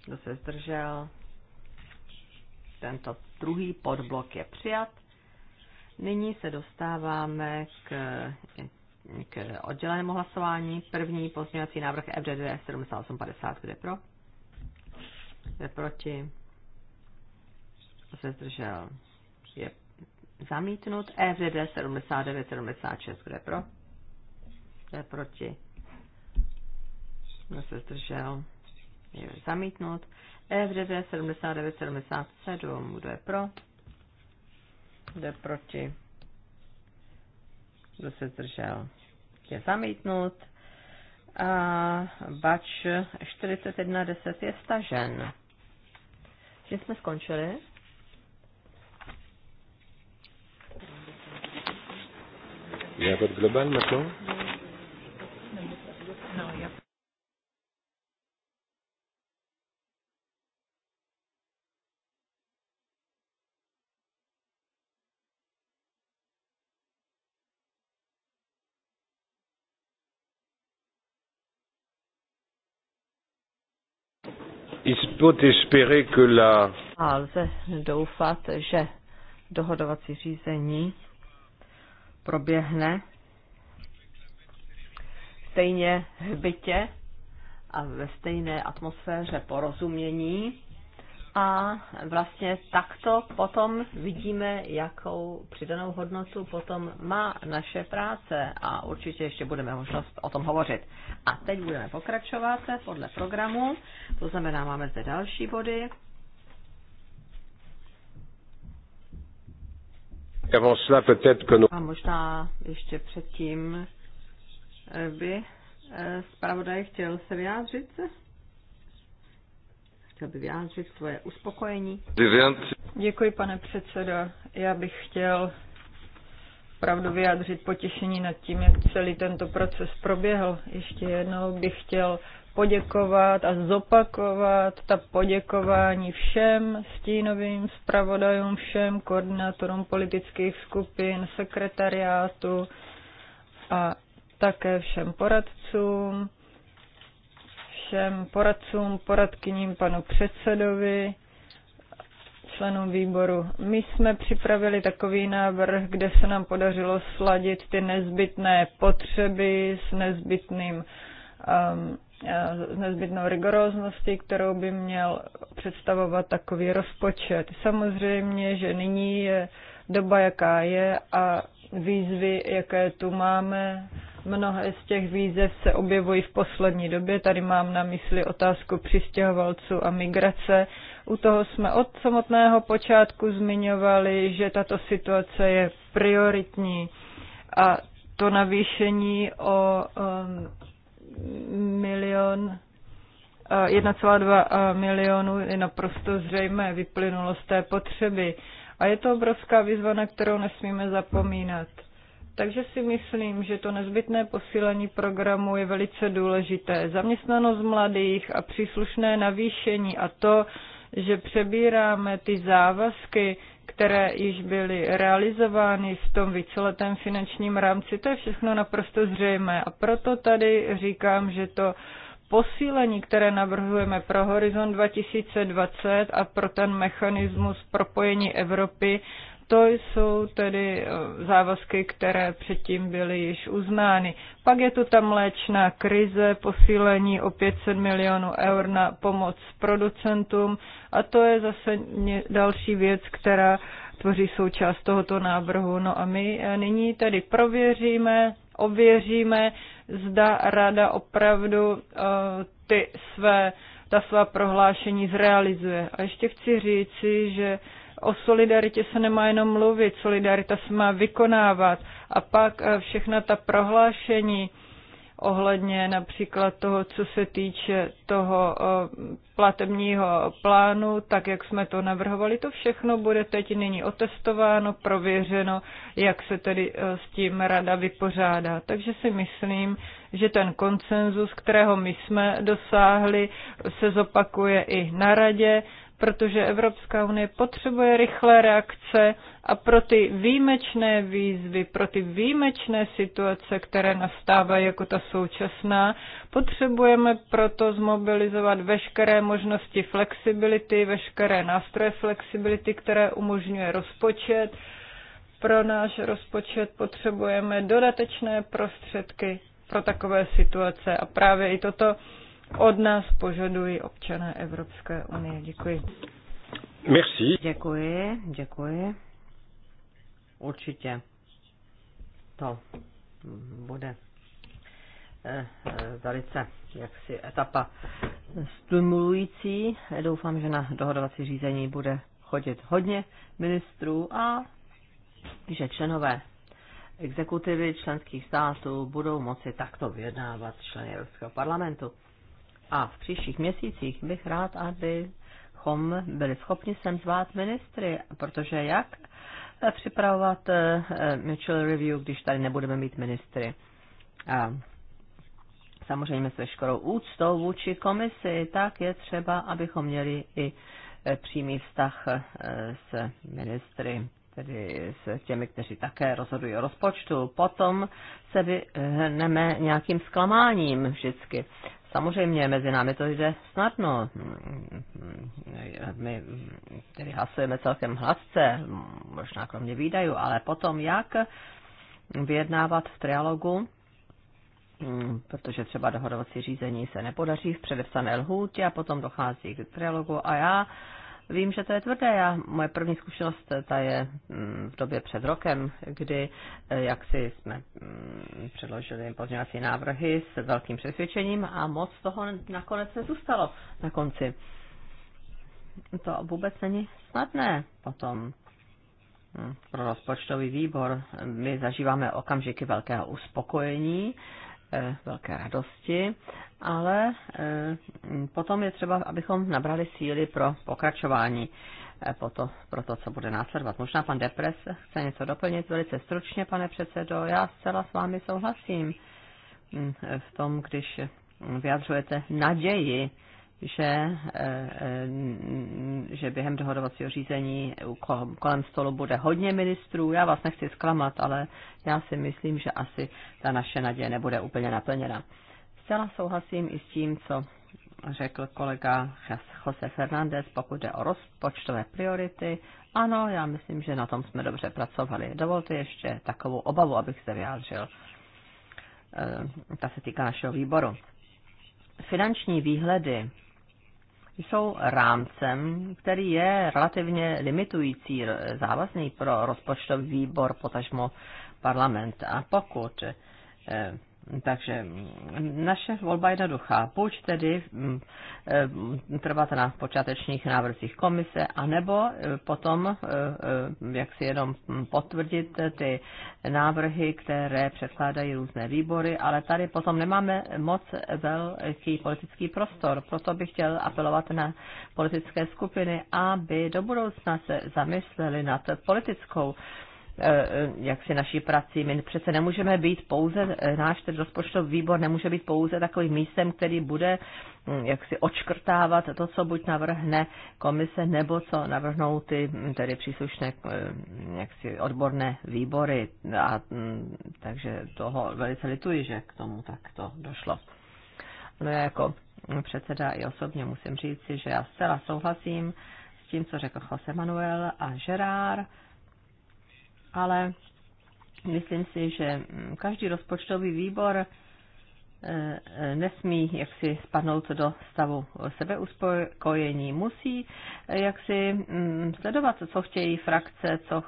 Kdo se zdržel? Tento druhý podblok je přijat. Nyní se dostáváme k, k oddělenému hlasování. První pozměňovací návrh FDD 7850, kde pro? Kde proti? Se zdržel. Je zamítnut. FDD 7976, kde pro? Kde proti? se zdržel? Je zamítnut. FDD 7977, kdo je pro? jde proti? Kdo se zdržel? Je zamítnut. A bač 41.10 je stažen. Že jsme skončili? Já pod global maintenant peut espérer que la... A lze doufat, že dohodovací řízení proběhne stejně bytě a ve stejné atmosféře porozumění a vlastně takto potom vidíme, jakou přidanou hodnotu potom má naše práce a určitě ještě budeme možnost o tom hovořit. A teď budeme pokračovat podle programu, to znamená, máme zde další body. A možná ještě předtím eh, by eh, zpravodaj chtěl se vyjádřit? chtěl by vyjádřit svoje uspokojení. Děkuji, pane předsedo. Já bych chtěl pravdu vyjádřit potěšení nad tím, jak celý tento proces proběhl. Ještě jednou bych chtěl poděkovat a zopakovat ta poděkování všem stínovým zpravodajům, všem koordinátorům politických skupin, sekretariátu a také všem poradcům, všem poradcům, poradkyním, panu předsedovi, členům výboru. My jsme připravili takový návrh, kde se nám podařilo sladit ty nezbytné potřeby s nezbytným um, eh, s nezbytnou rigorózností, kterou by měl představovat takový rozpočet. Samozřejmě, že nyní je doba, jaká je a výzvy, jaké tu máme, Mnohé z těch výzev se objevují v poslední době. Tady mám na mysli otázku přistěhovalců a migrace. U toho jsme od samotného počátku zmiňovali, že tato situace je prioritní a to navýšení o um, milion 1,2 milionu je naprosto zřejmé, vyplynulo z té potřeby. A je to obrovská výzva, na kterou nesmíme zapomínat. Takže si myslím, že to nezbytné posílení programu je velice důležité. Zaměstnanost mladých a příslušné navýšení a to, že přebíráme ty závazky, které již byly realizovány v tom víceletém finančním rámci, to je všechno naprosto zřejmé. A proto tady říkám, že to posílení, které navrhujeme pro Horizon 2020 a pro ten mechanismus propojení Evropy, to jsou tedy eh, závazky, které předtím byly již uznány. Pak je tu ta mléčná krize, posílení o 500 milionů eur na pomoc producentům a to je zase další věc, která tvoří součást tohoto návrhu. No a my eh, nyní tedy prověříme, ověříme, zda rada opravdu eh, ty své, ta svá prohlášení zrealizuje. A ještě chci říci, že O solidaritě se nemá jenom mluvit, solidarita se má vykonávat. A pak eh, všechna ta prohlášení ohledně například toho, co se týče toho eh, platebního plánu, tak jak jsme to navrhovali, to všechno bude teď nyní otestováno, prověřeno, jak se tedy eh, s tím rada vypořádá. Takže si myslím, že ten konsenzus, kterého my jsme dosáhli, se zopakuje i na radě protože Evropská unie potřebuje rychlé reakce a pro ty výjimečné výzvy, pro ty výjimečné situace, které nastávají jako ta současná, potřebujeme proto zmobilizovat veškeré možnosti flexibility, veškeré nástroje flexibility, které umožňuje rozpočet. Pro náš rozpočet potřebujeme dodatečné prostředky pro takové situace a právě i toto od nás požadují občané Evropské unie. Děkuji. Merci. Děkuji, děkuji. Určitě to bude eh, eh, velice jaksi etapa stimulující. Doufám, že na dohodovací řízení bude chodit hodně ministrů a že členové exekutivy členských států budou moci takto vyjednávat členy Evropského parlamentu. A v příštích měsících bych rád, abychom byli schopni sem zvát ministry, protože jak připravovat eh, eh, mutual review, když tady nebudeme mít ministry. A samozřejmě s veškerou úctou vůči komisi, tak je třeba, abychom měli i eh, přímý vztah s ministry, tedy s těmi, kteří také rozhodují o rozpočtu. Potom se vyhneme nějakým zklamáním vždycky. Samozřejmě mezi námi to jde snadno. My tedy hlasujeme celkem hladce, možná kromě výdajů, ale potom jak vyjednávat v trialogu, protože třeba dohodovací řízení se nepodaří v předepsané lhůtě a potom dochází k trialogu a já Vím, že to je tvrdé. Já, moje první zkušenost eh, ta je mm, v době před rokem, kdy eh, jak si jsme mm, předložili pozměňovací návrhy s velkým přesvědčením a moc toho nakonec nezůstalo na konci. To vůbec není snadné potom hm, pro rozpočtový výbor. My zažíváme okamžiky velkého uspokojení Eh, velké radosti, ale eh, potom je třeba, abychom nabrali síly pro pokračování, eh, po to, pro to, co bude následovat. Možná pan Depres chce něco doplnit velice stručně, pane předsedo. Já zcela s vámi souhlasím hm, v tom, když vyjadřujete naději že, eh, eh, že během dohodovacího řízení kolem stolu bude hodně ministrů. Já vás nechci zklamat, ale já si myslím, že asi ta naše naděje nebude úplně naplněna. Zcela souhlasím i s tím, co řekl kolega Jose Fernández, pokud jde o rozpočtové priority. Ano, já myslím, že na tom jsme dobře pracovali. Dovolte ještě takovou obavu, abych se vyjádřil. Eh, ta se týká našeho výboru. Finanční výhledy jsou rámcem, který je relativně limitující, závazný pro rozpočtový výbor, potažmo parlament. A pokud eh, takže mm, naše volba je jednoduchá. Buď tedy mm, eh, trvat na počátečních návrzích komise, anebo eh, potom, eh, jak si jenom mm, potvrdit ty návrhy, které předkládají různé výbory, ale tady potom nemáme moc velký politický prostor. Proto bych chtěl apelovat na politické skupiny, aby do budoucna se zamysleli nad politickou Eh, eh, jak si naší prací. My přece nemůžeme být pouze, eh, náš ten rozpočtový výbor nemůže být pouze takovým místem, který bude hm, jak si očkrtávat to, co buď navrhne komise, nebo co navrhnou ty hm, tedy příslušné jak si odborné výbory. A, hm, takže toho velice lituji, že k tomu takto došlo. No já jako předseda i osobně musím si, že já zcela souhlasím s tím, co řekl Jose Manuel a Gerard ale myslím si, že každý rozpočtový výbor eh, eh, nesmí jaksi spadnout do stavu sebeuspokojení. Musí eh, jaksi mm, sledovat, co chtějí frakce, co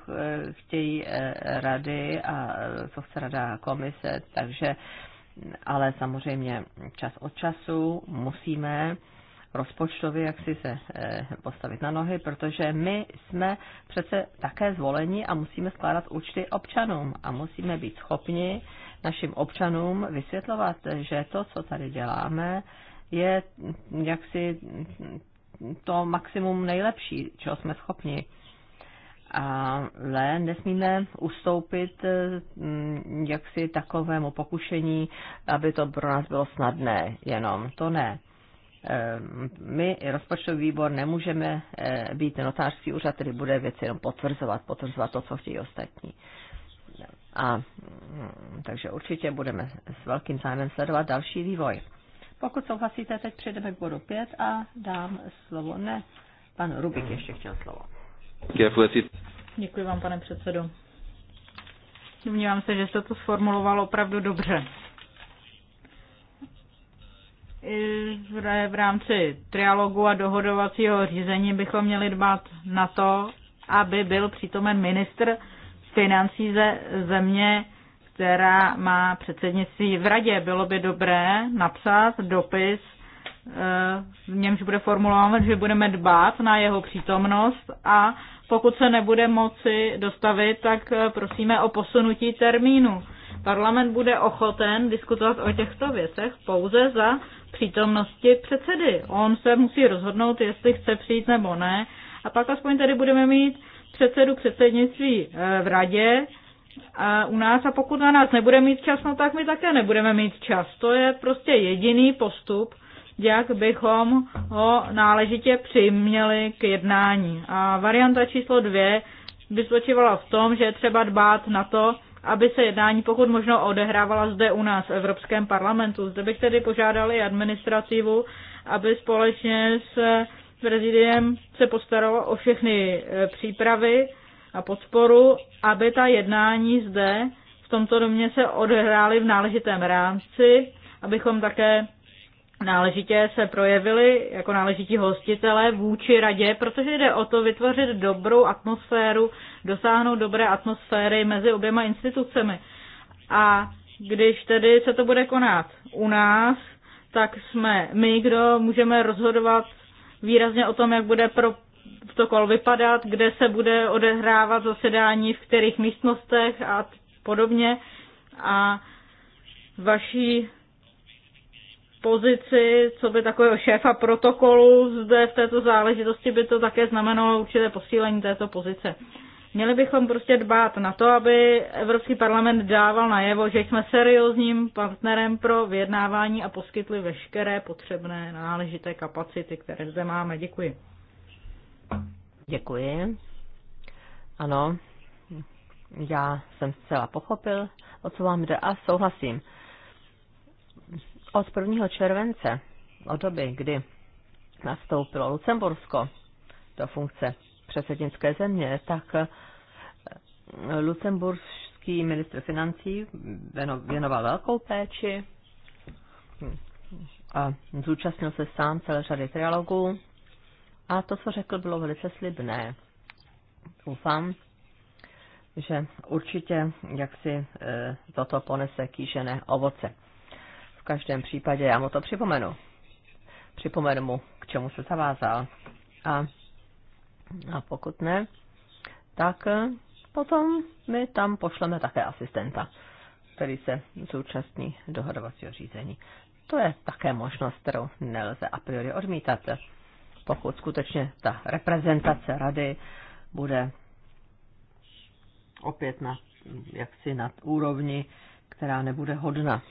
chtějí rady a co chce rada komise. Takže, ale samozřejmě čas od času musíme rozpočtově, jak si se eh, postavit na nohy, protože my jsme přece také zvoleni a musíme skládat účty občanům a musíme být schopni našim občanům vysvětlovat, že to, co tady děláme, je jaksi to maximum nejlepší, čeho jsme schopni. Ale nesmíme ustoupit mm, jaksi takovému pokušení, aby to pro nás bylo snadné, jenom to ne. Eh, my, rozpočtový výbor, nemůžeme eh, být notářský úřad, který bude věci jenom potvrzovat, potvrzovat to, co chtějí ostatní. A mm, takže určitě budeme s velkým zájmem sledovat další vývoj. Pokud souhlasíte, teď přejdeme k bodu 5 a dám slovo. Ne, pan Rubik ještě chtěl slovo. Děkuji vám, pane předsedo. Domnívám se, že jste to sformulovalo opravdu dobře v rámci trialogu a dohodovacího řízení bychom měli dbát na to, aby byl přítomen ministr financí ze země, která má předsednictví v radě. Bylo by dobré napsat dopis, eh, v němž bude formulovat, že budeme dbát na jeho přítomnost a pokud se nebude moci dostavit, tak eh, prosíme o posunutí termínu. Parlament bude ochoten diskutovat o těchto věcech pouze za přítomnosti předsedy. On se musí rozhodnout, jestli chce přijít nebo ne. A pak aspoň tady budeme mít předsedu předsednictví eh, v radě a u nás. A pokud na nás nebude mít čas, no tak my také nebudeme mít čas. To je prostě jediný postup, jak bychom ho náležitě přiměli k jednání. A varianta číslo dvě by spočívala v tom, že je třeba dbát na to, aby se jednání pokud možno odehrávala zde u nás v Evropském parlamentu. Zde bych tedy požádal i administrativu, aby společně s prezidiem se postaralo o všechny e, přípravy a podporu, aby ta jednání zde v tomto domě se odehrály v náležitém rámci, abychom také náležitě se projevili jako náležití hostitelé vůči radě, protože jde o to vytvořit dobrou atmosféru, dosáhnout dobré atmosféry mezi oběma institucemi. A když tedy se to bude konat u nás, tak jsme my, kdo můžeme rozhodovat výrazně o tom, jak bude pro protokol vypadat, kde se bude odehrávat zasedání, v kterých místnostech a podobně. A vaší pozici, co by takového šéfa protokolu zde v této záležitosti by to také znamenalo určité posílení této pozice. Měli bychom prostě dbát na to, aby Evropský parlament dával najevo, že jsme seriózním partnerem pro vyjednávání a poskytli veškeré potřebné náležité kapacity, které zde máme. Děkuji. Děkuji. Ano, já jsem zcela pochopil, o co vám jde a souhlasím od 1. července, od doby, kdy nastoupilo Lucembursko do funkce předsednické země, tak eh, lucemburský ministr financí věnoval velkou péči hm, a zúčastnil se sám celé řady trialogů. A to, co řekl, bylo velice slibné. Doufám, že určitě jak si eh, toto ponese kýžené ovoce každém případě já mu to připomenu. Připomenu mu, k čemu se zavázal. A, a pokud ne, tak eh, potom my tam pošleme také asistenta, který se zúčastní dohodovacího řízení. To je také možnost, kterou nelze a priori odmítat, pokud skutečně ta reprezentace rady bude opět na, jaksi nad úrovni, která nebude hodna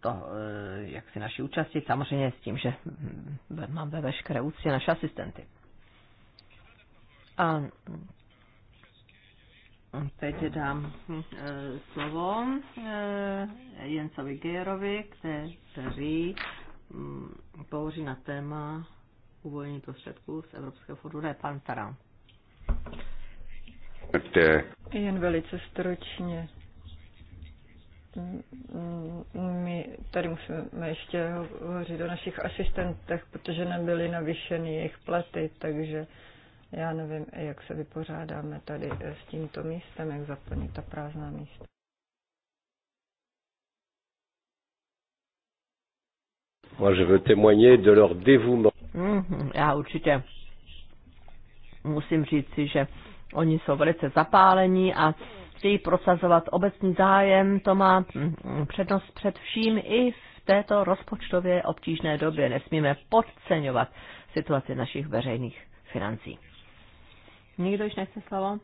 to, eh, jak si naši účastí, samozřejmě s tím, že mám ve veškeré úctě naše asistenty. A teď dám eh, slovo eh, Jencovi Gejerovi, který mm, pohoří na téma uvolnění prostředků z Evropského fondu, Repantara. Jen velice stručně my tady musíme ještě hovořit o našich asistentech, protože nebyly navyšeny jejich platy, takže já nevím, jak se vypořádáme tady s tímto místem, jak zaplnit ta prázdná místa. Moi, je veux témoigner de leur dévouement. Mm, já určitě musím říct si, že oni jsou velice zapálení a chtějí prosazovat obecný zájem, to má přednost před vším i v této rozpočtově obtížné době. Nesmíme podceňovat situaci našich veřejných financí. Nikdo již nechce slovo?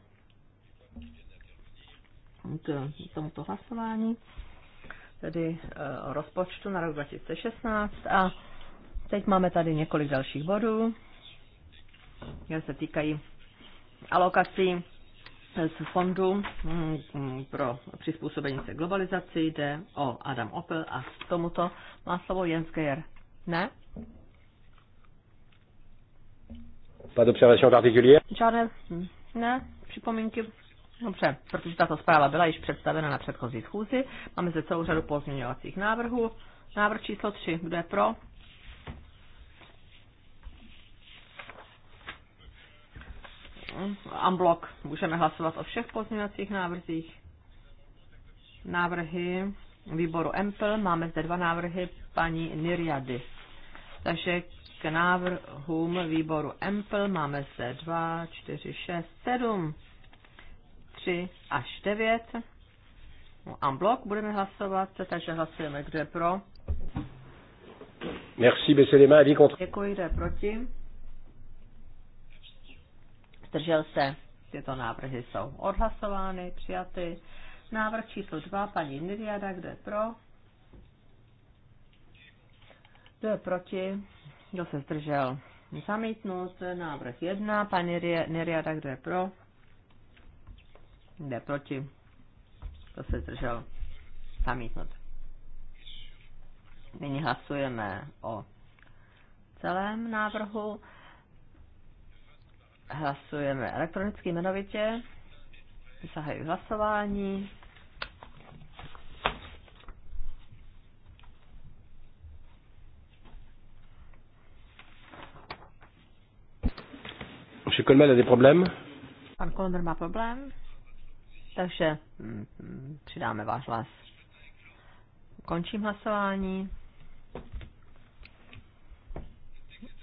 K tomuto hlasování, tedy eh, o rozpočtu na rok 2016 a teď máme tady několik dalších bodů, které se týkají alokací z Fondu mm, mm, pro přizpůsobení se globalizaci jde o Adam Opel a k tomuto má slovo Jens Geier. Ne? Pas d'observation particulière? Žádné, ne, připomínky. Dobře, protože tato zpráva byla již představena na předchozí schůzi. Máme zde celou řadu pozměňovacích návrhů. Návrh číslo 3, kdo je pro? Amblok můžeme hlasovat o všech pozměňovacích návrzích. Návrhy výboru EMPL. Máme zde dva návrhy paní Niriady. Takže k návrhům výboru EMPL máme zde 2, 4, 6, 7, 3 až 9. Amblok no, budeme hlasovat, takže hlasujeme, kdo je pro. Merci, baissez les mains, Děkuji, kdo je proti zdržel se. Tyto návrhy jsou odhlasovány, přijaty. Návrh číslo 2, paní Niriada, kdo je pro? Kdo je proti? Kdo se zdržel? Zamítnut. Návrh 1, paní Niriada, kdo je pro? Kdo je proti? Kdo se zdržel? Zamítnut. Nyní hlasujeme o celém návrhu. Hlasujeme elektronicky jmenovitě. Zahajuji hlasování. Monsieur Colmel a des problèmes Pan Kolmer má problém, takže mm, mm, přidáme váš hlas. Končím hlasování.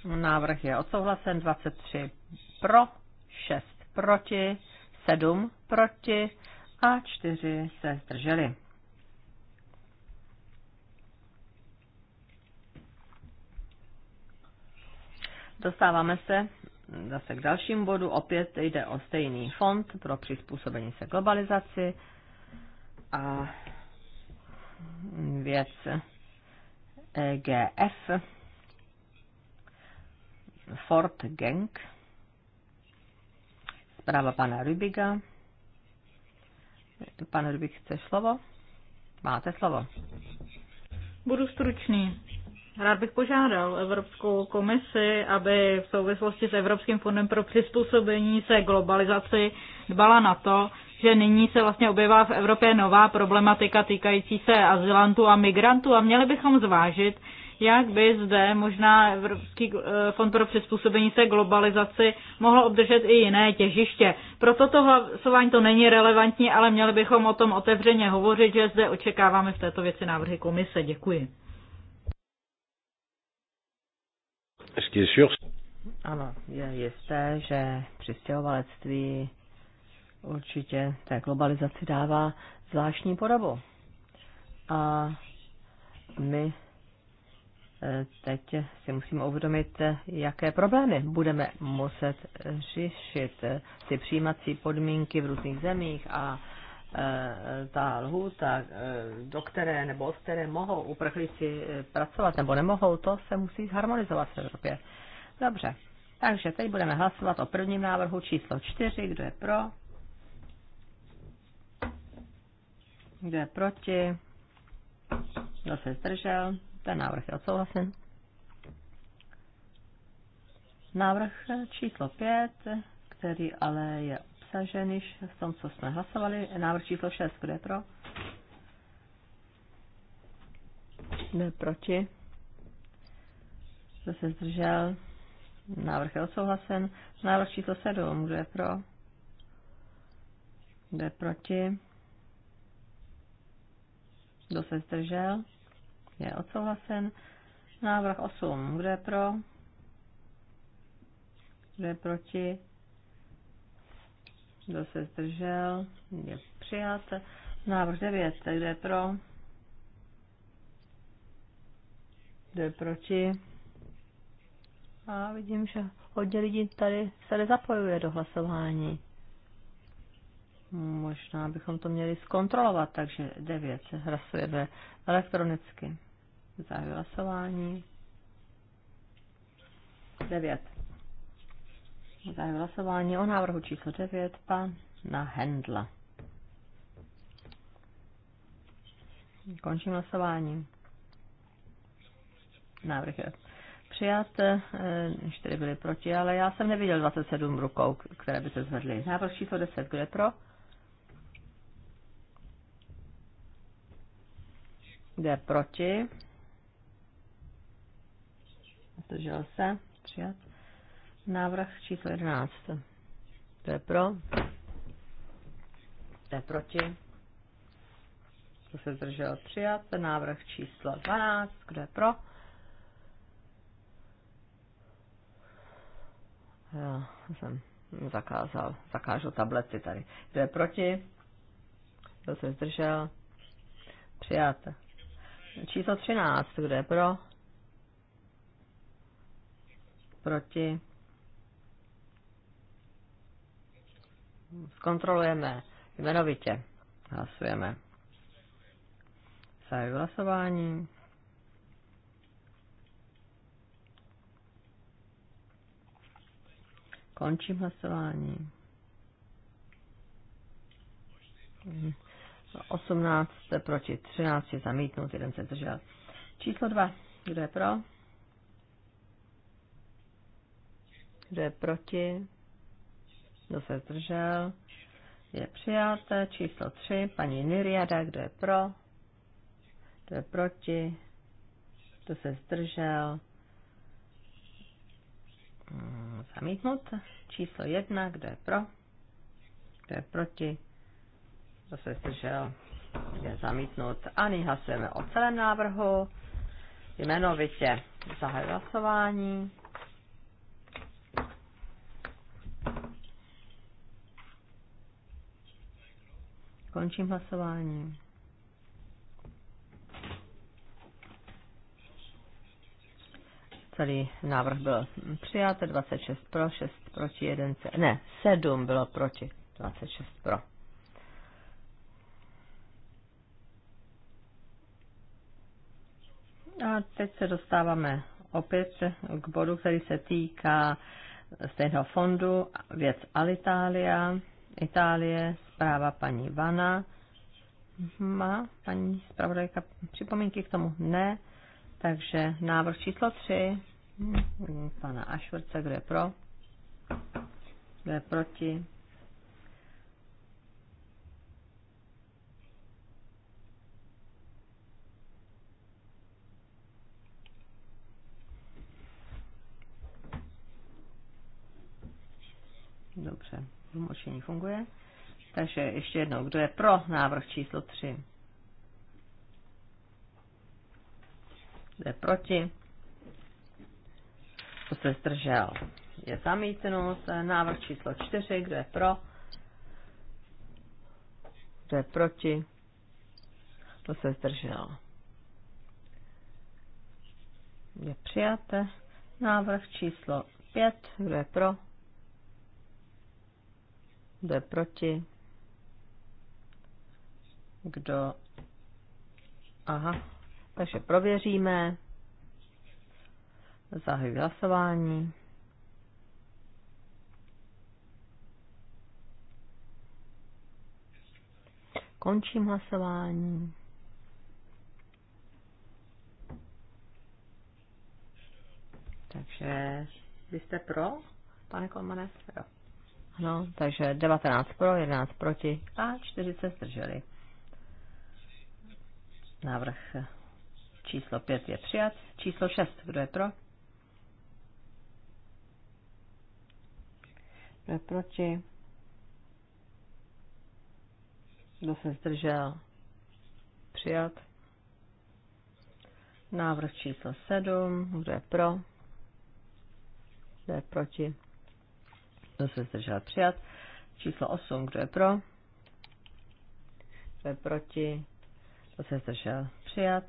Návrh je odsouhlasen 23 pro, 6 proti, 7 proti a 4 se zdrželi. Dostáváme se zase k Dalším bodu. Opět jde o stejný fond pro přizpůsobení se globalizaci a věc EGF Ford Genk, zpráva pana Rubiga. Pan Rubik chce slovo? Máte slovo. Budu stručný. Rád bych požádal Evropskou komisi, aby v souvislosti s Evropským fondem pro přizpůsobení se globalizaci dbala na to, že nyní se vlastně objevá v Evropě nová problematika týkající se azylantů a migrantů a měli bychom zvážit, jak by zde možná Evropský eh, fond pro přizpůsobení se globalizaci mohl obdržet i jiné těžiště. Pro toto hlasování to není relevantní, ale měli bychom o tom otevřeně hovořit, že zde očekáváme v této věci návrhy komise. Děkuji. Ano, je jisté, že přistěhovalectví určitě té globalizaci dává zvláštní podobu. A my teď si musíme uvědomit, jaké problémy budeme muset řešit. Ty přijímací podmínky v různých zemích a e, ta lhůta, e, do které nebo od které mohou uprchlíci e, pracovat nebo nemohou, to se musí zharmonizovat v Evropě. Dobře, takže teď budeme hlasovat o prvním návrhu číslo 4. Kdo je pro? Kdo je proti? Kdo se zdržel? Ten návrh je odsouhlasen. Návrh číslo 5, který ale je obsažen již v tom, co jsme hlasovali. Návrh číslo 6, kde je pro? Ne, proti. Kdo se zdržel? Návrh je odsouhlasen. Návrh číslo 7, kdo je pro? Kdo je proti? Kdo se zdržel? je odsouhlasen. Návrh 8. Kdo je pro? Kdo je proti? Kdo se zdržel? Je přijat. Návrh 9. Kdo je pro? Kdo je proti? A vidím, že hodně lidí tady se nezapojuje do hlasování. Možná bychom to měli zkontrolovat, takže 9 hlasujeme elektronicky. Zahajuji hlasování. 9. Zahajuji hlasování o návrhu číslo 9 pana Hendla. Končím hlasování. Návrh je přijat, eh, čtyři byly proti, ale já jsem neviděl 27 rukou, které by se zvedly. Návrh číslo 10, kdo je pro? Kdo proti? zdržel se, přijat. Návrh číslo 11. To je pro. To je proti. to se zdržel přijat? Návrh číslo 12. Kdo je pro? Já jsem zakázal, zakážu tablety tady. Kdo je proti? Kdo se zdržel? Přijat. Číslo 13. Kdo je pro? proti. Zkontrolujeme jmenovitě. Hlasujeme. Zahajuji hlasování. Končím hlasování. 18 proti 13 zamítnout, jeden se zdržel. Číslo 2. Kdo je pro? kdo je proti, kdo se zdržel, je přijaté. Číslo 3, paní Niriada, kdo je pro, kdo je proti, kdo se zdržel, hmm, zamítnut. Číslo 1, kdo je pro, kdo je proti, kdo se zdržel, je zamítnut. A nyní hlasujeme o celém návrhu. Jmenovitě zahajovat hlasování. Končím hlasování. Celý návrh byl přijat, 26 pro, 6 proti, 1, ne, 7 bylo proti, 26 pro. A teď se dostáváme opět k bodu, který se týká stejného fondu, věc Alitalia. Itálie, zpráva paní Vana. Má paní zpravodajka připomínky k tomu? Ne. Takže návrh číslo 3 pana Ašvrce, kdo je pro? Kdo je proti? Dobře. Tlumočení funguje. Takže ještě jednou, kdo je pro návrh číslo 3? Kdo je proti? Kdo se zdržel? Je zamítnut. Návrh číslo 4, kdo je pro? Kdo je proti? Kdo se zdržel? Je přijaté. Návrh číslo 5, kdo je pro? Kdo je proti? Kdo? Aha. Takže prověříme. Zahajuji hlasování. Končím hlasování. Takže vy jste pro, pane Kolmane? Jo. No, takže 19 pro, 11 proti a 4 se zdrželi. Návrh číslo 5 je přijat. Číslo 6, kdo je pro? Kdo je proti? Kdo se zdržel? Přijat. Návrh číslo 7, kdo je pro? Kdo je proti? kdo se zdržel přijat. Číslo 8, kdo je pro, kdo je proti, kdo se zdržel přijat.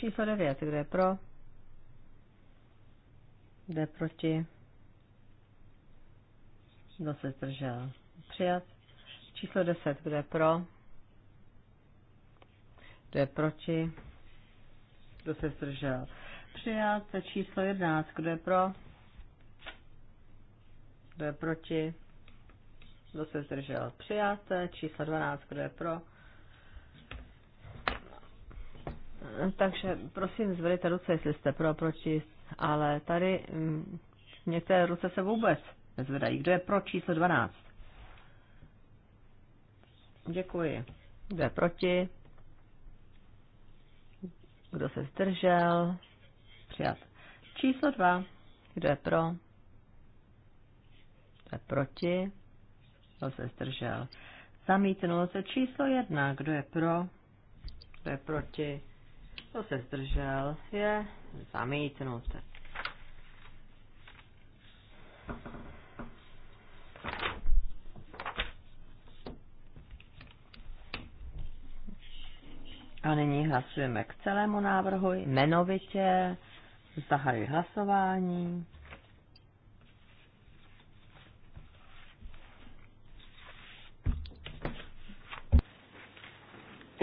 Číslo 9, kdo je pro, kdo je proti, kdo se zdržel přijat. Číslo 10, kdo je pro, kdo je proti, kdo se zdržel přijat. Číslo 11, kdo je pro, kdo je proti, kdo se zdržel, přijat, číslo 12, kdo je pro. Takže prosím, zvedejte ruce, jestli jste pro, proti, ale tady m, mm, některé ruce se vůbec nezvedají. Kdo je pro číslo 12? Děkuji. Kdo je proti? Kdo se zdržel? Přijat. Číslo 2. Kdo je pro? Kdo je proti? Kdo se zdržel? Zamítnulo se číslo jedna. Kdo je pro? Kdo je proti? Kdo se zdržel? Je zamítnut. A nyní hlasujeme k celému návrhu jmenovitě. Zahajuji hlasování.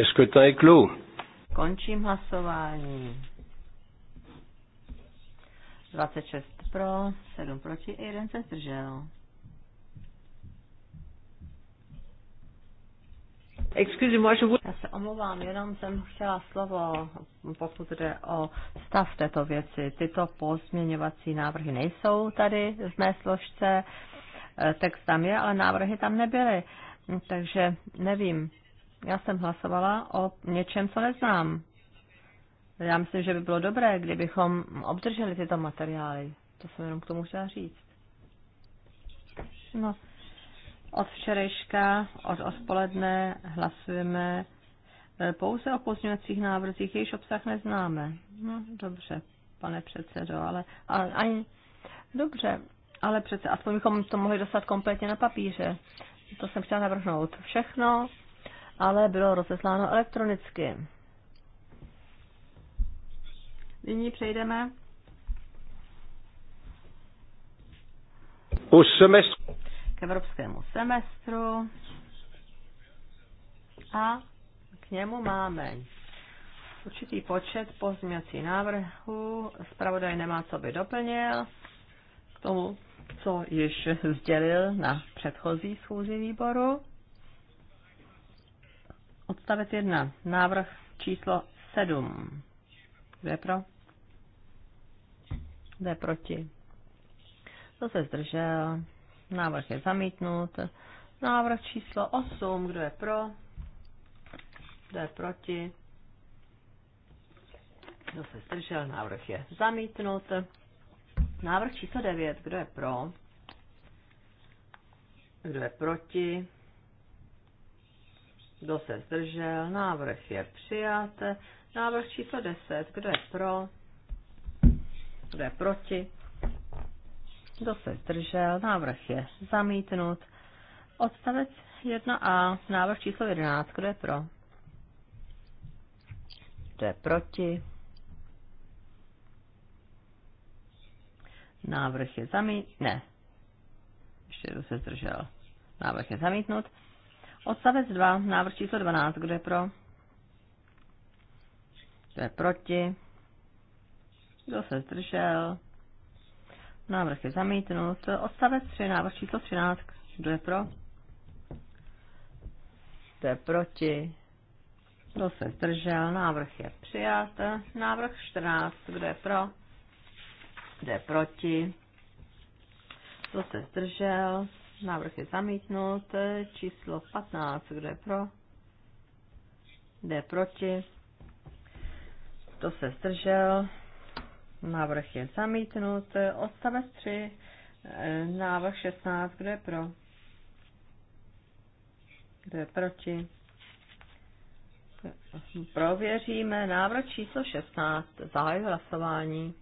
Scrutin est clos. Končím hlasování. 26 pro, 7 proti, 1 se zdržel. Já se omlouvám, jenom jsem chtěla slovo, pokud jde o stav této věci. Tyto pozměňovací návrhy nejsou tady v mé složce, text tam je, ale návrhy tam nebyly. Takže nevím, já jsem hlasovala o něčem, co neznám. Já myslím, že by bylo dobré, kdybychom obdrželi tyto materiály. To jsem jenom k tomu chtěla říct. No, od včerejška, od odpoledne hlasujeme e, pouze o pozměňovacích návrzích, jejichž obsah neznáme. No, dobře, pane předsedo, ale a, ani, dobře, ale přece aspoň bychom to mohli dostat kompletně na papíře. To jsem chtěla navrhnout. Všechno, ale bylo rozesláno elektronicky. Nyní přejdeme U semestru. k evropskému semestru a k němu máme určitý počet pozměňovací návrhů. Spravodaj nemá, co by doplnil k tomu, co již sdělil na předchozí schůzi výboru. Odstavec 1. Návrh číslo 7. Kdo je pro? Kdo je proti? Kdo se zdržel? Návrh je zamítnut. Návrh číslo 8. Kdo je pro? Kdo je proti? Kdo se zdržel? Návrh je zamítnut. Návrh číslo 9. Kdo je pro? Kdo je proti? Kdo se zdržel? Návrh je přijat. Návrh číslo 10. Kdo je pro? Kdo je proti? Kdo se zdržel? Návrh je zamítnut. Odstavec 1a. Návrh číslo 11. Kdo je pro? Kdo je proti? Návrh je zamítnut. Ne. Ještě kdo se zdržel. Návrh je zamítnut. Odstavec 2, návrh číslo 12, kdo je pro? Kdo je proti? Kdo se zdržel? Návrh je zamítnut. Odstavec 3, návrh číslo 13, kdo je pro? Kdo je proti? Kdo se zdržel? Návrh je přijat. Návrh 14, kdo je pro? Kdo je proti? Kdo se zdržel? Návrh je zamítnut. Číslo 15. Kdo je pro? Kdo je proti? Kdo se zdržel? Návrh je zamítnut. Odstavec 3. Návrh 16. Kdo je pro? Kdo je proti? Prověříme návrh číslo 16. Zahajuji hlasování.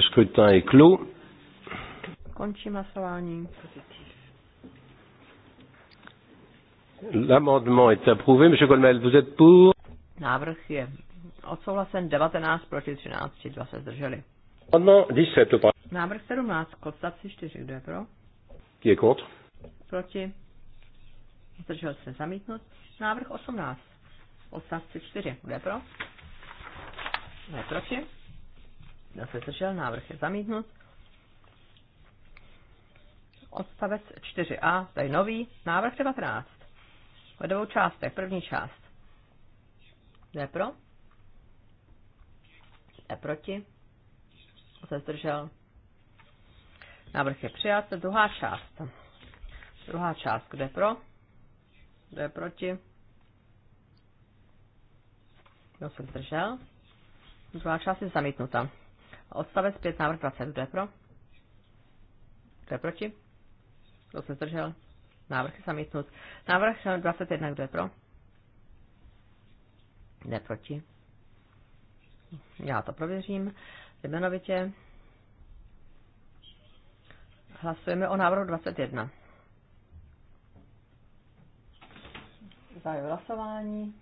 Scrutin est clos. Končím hlasování. L'amendement est approuvé. Monsieur Colmel, vous êtes pour Návrh je odsouhlasen 19 proti 13, 2 se zdrželi. Amendement Návrh 17 k 4, kdo je pro? Qui est contre? Proti. Zdržel se zamítnut. Návrh 18 odstavci 4, kdo je pro? Ne, proti? Kdo se zdržel? Návrh je zamítnut. Odstavec 4a, tady nový, návrh 19. Ve dvou částech, první část. Jde pro? Jde proti? se zdržel? Návrh je přijat. Druhá část. Druhá část, kde pro? Kde proti? Kdo se zdržel? Druhá část je zamítnuta. Odstavec 5, návrh 20. Kdo je pro? Kdo je proti? Kdo se zdržel? Návrh je zamítnut. Návrh 21. Kdo je pro? Kdo je proti? Já to prověřím. Jmenovitě hlasujeme o návrhu 21. Zahajuji hlasování.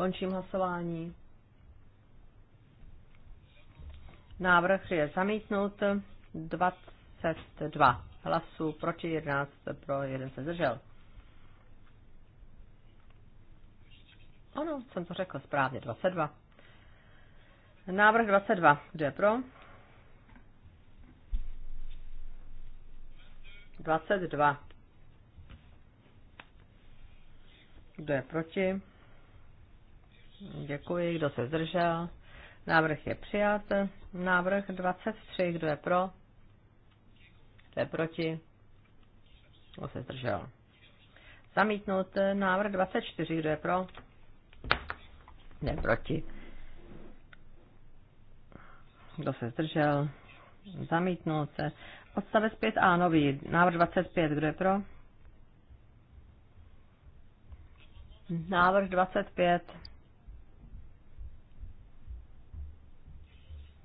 Končím hlasování. Návrh je zamítnut 22 hlasů proti 11 pro 1 se zdržel. Ano, jsem to řekl správně, 22. Návrh 22, kdo je pro? 22. Kdo je proti? Děkuji, kdo se zdržel. Návrh je přijat. Návrh 23, kdo je pro? Kdo je proti? Kdo se zdržel? Zamítnut návrh 24, kdo je pro? Ne proti. Kdo se zdržel? Zamítnout se. Odstavec 5a, nový. Návrh 25, kdo je pro? Návrh 25.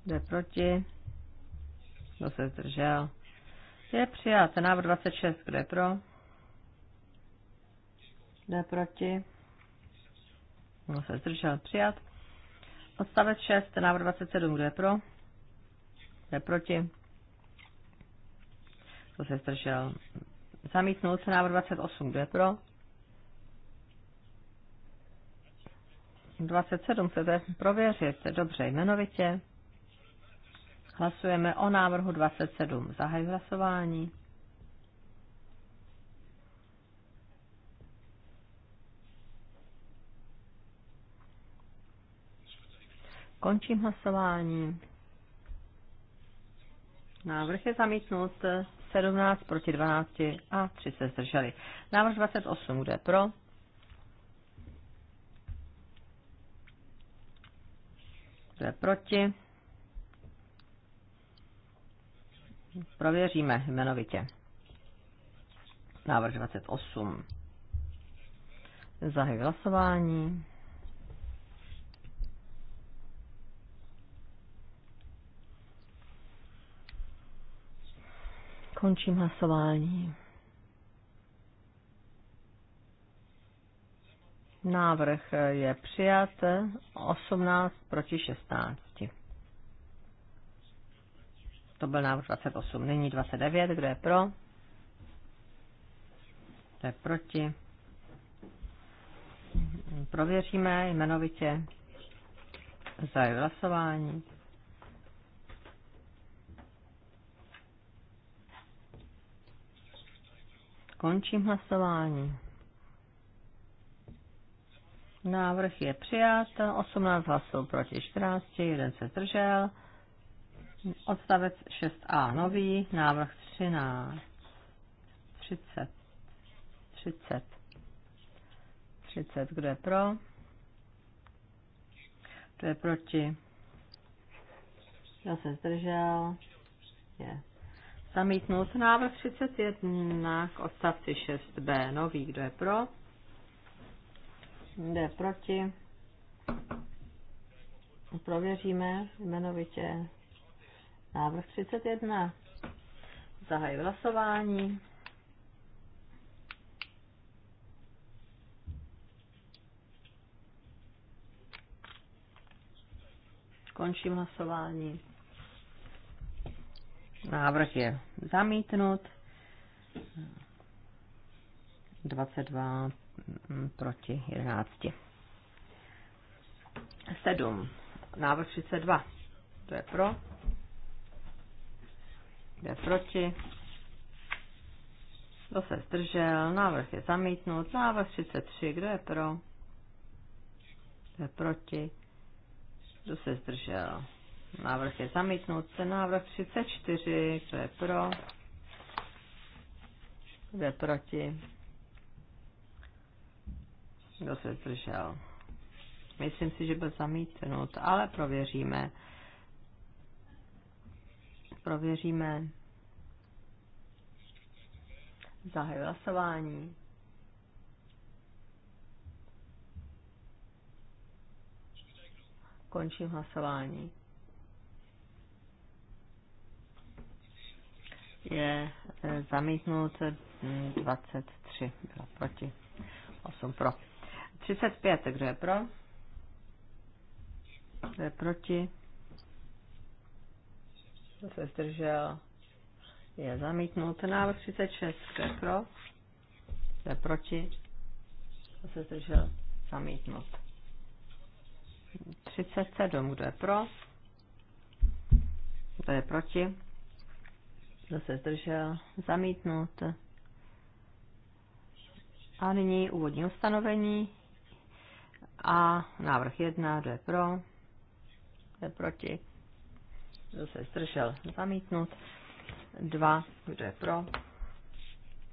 Jde proti? Kdo se zdržel? Je přijat. Návrh 26. Kdo je pro? Jde proti? Kdo se zdržel? Přijat. Odstavec 6. Návrh 27. Kdo je pro? Jde proti? Kdo se zdržel? Zamítnul se návrh 28. Kdo je pro? 27 chcete prověřit. Dobře, jmenovitě. Hlasujeme o návrhu 27. Zahaj hlasování. Končím hlasování. Návrh je zamítnut 17 proti 12 a 3 se zdrželi. Návrh 28 bude pro. Bude proti. Prověříme jmenovitě. Návrh 28. Zahy hlasování. Končím hlasování. Návrh je přijat 18 proti 16. To byl návrh 28. Nyní 29. Kdo je pro? Kdo je proti? Prověříme jmenovitě. za hlasování. Končím hlasování. Návrh je přijat, 18 hlasů proti 14, jeden se zdržel. Odstavec 6a nový, návrh 13, 30, 30, 30, kdo je pro, kdo je proti, kdo se zdržel, je Zamítnout Návrh 31 k odstavci 6b nový, kdo je pro, kdo je proti, prověříme jmenovitě Návrh 31. Zahajuji hlasování. Končím hlasování. Návrh je zamítnut. 22 mm, proti 11. 7. Návrh 32. To je pro jde proti? Kdo se zdržel? Návrh je zamítnut. Návrh 33. Kdo je pro? Kdo je proti? Kdo se zdržel? Návrh je zamítnut. Návrh 34. Kdo je pro? Kdo je proti? Kdo se zdržel? Myslím si, že byl zamítnut, ale prověříme. Prověříme. Zahajuji hlasování. Končím hlasování. Je e, zamítnut 23, mm, bylo proti, 8 pro. 35, kdo je pro? Kdo je proti? se zdržel, je zamítnut. Návrh 36, kdo je pro, kdo je proti, kdo se zdržel, zamítnut. 37, kdo je pro, kdo je proti, kdo se zdržel, zamítnut. A nyní úvodní ustanovení a návrh 1, kdo je pro, kdo je proti, kdo se zdržel, zamítnut. Dva. kdo je pro,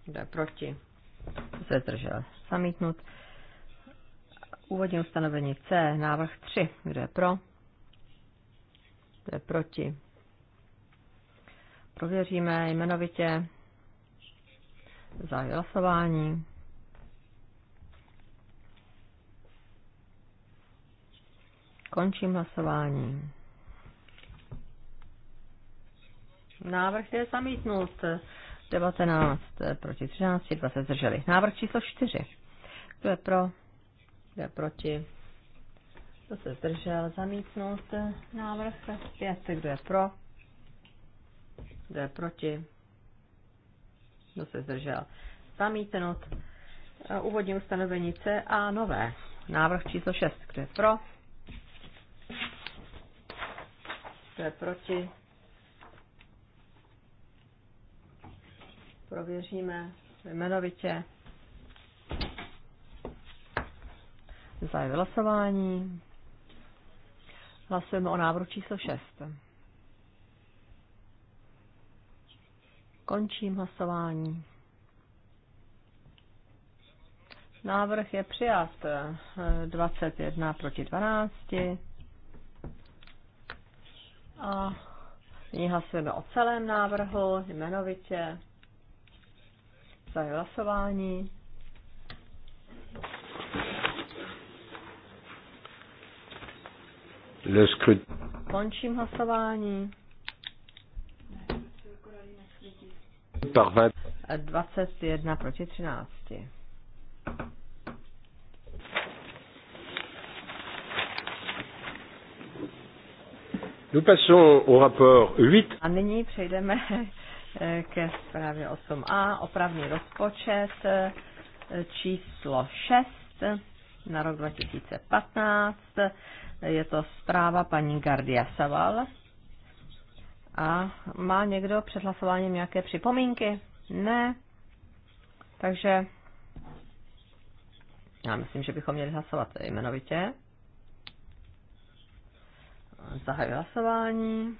kdo je proti, kdo se zdržel, zamítnut. Úvodní ustanovení C, návrh 3, kdo je pro, kdo je proti. Prověříme jmenovitě za hlasování. Končím hlasování. Návrh je zamítnut. 19 proti 13, 2 se zdrželi. Návrh číslo 4. Kdo je pro? Kdo je proti? Kdo se zdržel? Zamítnout návrh 5. Kdo je pro? Kdo je proti? Kdo se zdržel? Zamítnout. Úvodní ustanovení C a nové. Návrh číslo 6. Kdo je pro? Kdo je proti? prověříme jmenovitě. Zahajuji hlasování. Hlasujeme o návrhu číslo 6. Končím hlasování. Návrh je přijat 21 proti 12. A nyní hlasujeme o celém návrhu jmenovitě za hlasování. Le Končím hlasování. 21 proti 13. Nous passons au rapport 8. A nyní přejdeme E, ke zprávě 8a, opravný rozpočet e, číslo 6 na rok 2015. Je to zpráva paní Gardia Saval. A má někdo před hlasováním nějaké připomínky? Ne. Takže já myslím, že bychom měli hlasovat jmenovitě. Zahajuji hlasování.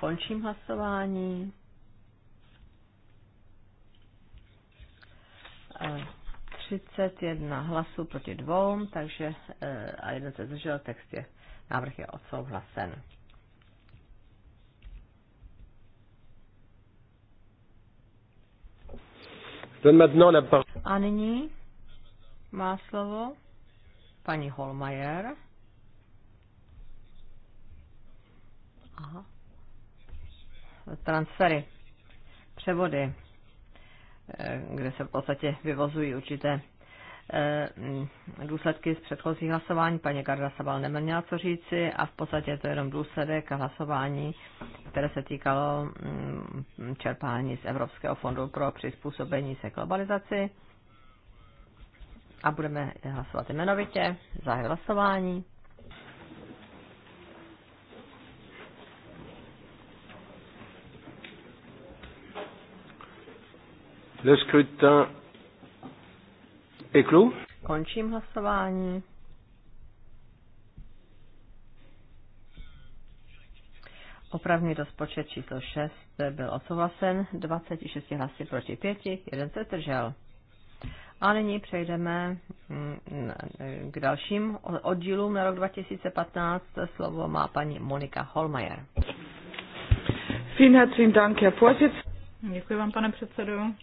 Končím hlasování. A 31 hlasů proti dvou, takže eh, a jeden se zdržel, text je, návrh je odsouhlasen. A nyní má slovo paní Holmajer. Aha transfery, převody, eh, kde se v podstatě vyvozují určité eh, důsledky z předchozích hlasování. Paní Garda Sabal neměla co říci a v podstatě to je jenom důsledek hlasování, které se týkalo mm, čerpání z Evropského fondu pro přizpůsobení se globalizaci. A budeme hlasovat jmenovitě, zahájit hlasování. Le scrutin est clos. Končím hlasování. Opravný rozpočet číslo 6 byl odsouhlasen 26 hlasy proti 5, jeden se držel. A nyní přejdeme mm, k dalším oddílům na rok 2015. Slovo má paní Monika Holmajer. Vielen herzlichen Dank, Herr Vorsitz. Děkuji vám, pane předsedu.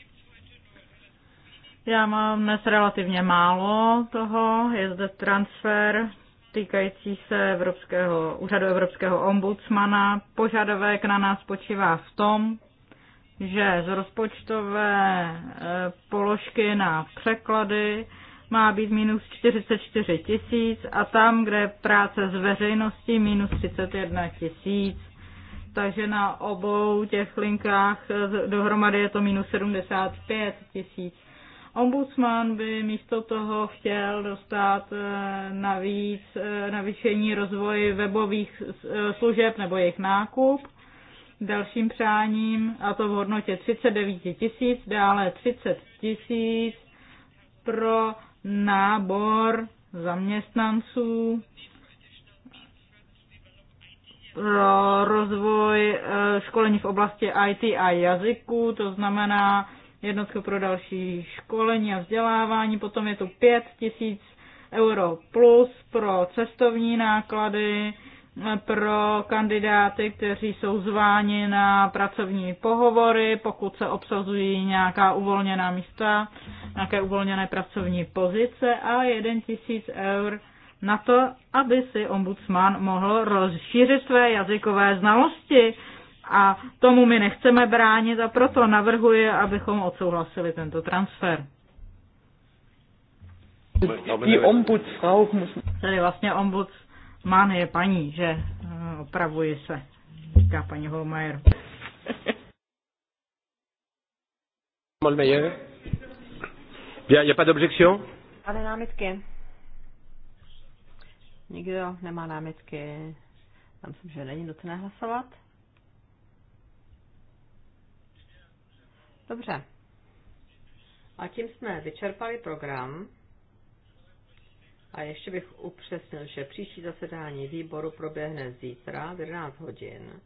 Já mám dnes relativně málo toho. Je zde transfer týkající se Evropského, úřadu Evropského ombudsmana. Požadavek na nás počívá v tom, že z rozpočtové eh, položky na překlady má být minus 44 tisíc a tam, kde je práce s veřejností, minus 31 tisíc. Takže na obou těch linkách dohromady je to minus 75 tisíc. Ombudsman by místo toho chtěl dostat eh, navíc eh, navýšení rozvoji webových eh, služeb nebo jejich nákup. Dalším přáním, a to v hodnotě 39 tisíc, dále 30 tisíc pro nábor zaměstnanců pro rozvoj školení v oblasti IT a jazyků, to znamená jednotku pro další školení a vzdělávání, potom je tu 5 tisíc euro plus pro cestovní náklady, pro kandidáty, kteří jsou zváni na pracovní pohovory, pokud se obsazují nějaká uvolněná místa, nějaké uvolněné pracovní pozice a 1 tisíc eur na to, aby si ombudsman mohl rozšířit své jazykové znalosti, a tomu my nechceme bránit a proto navrhuji, abychom odsouhlasili tento transfer. Tady ombudsfrau Tedy vlastně ombudsman je paní, že eh, opravuji se, říká paní Holmajer. Holmajer? Bien, il a pas d'objection? Ale námitky. Nikdo nemá námitky. Já myslím, že není nutné hlasovat. Dobře. A tím jsme vyčerpali program. A ještě bych upřesnil, že příští zasedání výboru proběhne zítra v 11 hodin.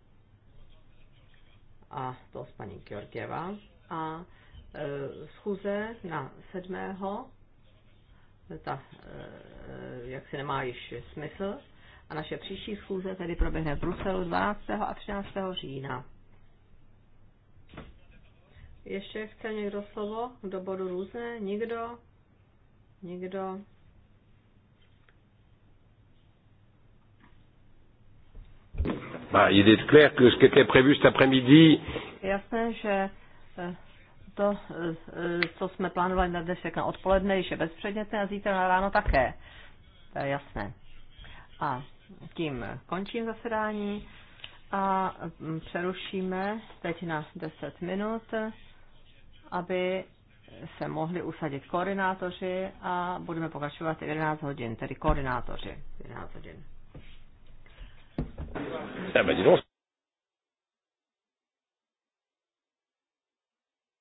A to s paní Georgieva. A e, schůze na 7. Ta, e, jak si nemá již smysl. A naše příští schůze tedy proběhne v Bruselu 12. a 13. října. Ještě chce někdo slovo do bodu různé? Nikdo? Nikdo? Bah, il est clair que ce qui était prévu cet après-midi. Jasné, že eh, to, eh, co jsme plánovali na dnešek na odpoledne, je bezpředmětné a zítra na ráno také. To je jasné. A tím končím zasedání a mm, přerušíme teď na 10 minut aby se mohli usadit koordinátoři a budeme pokračovat 11 hodin, tedy koordinátoři 11 hodin.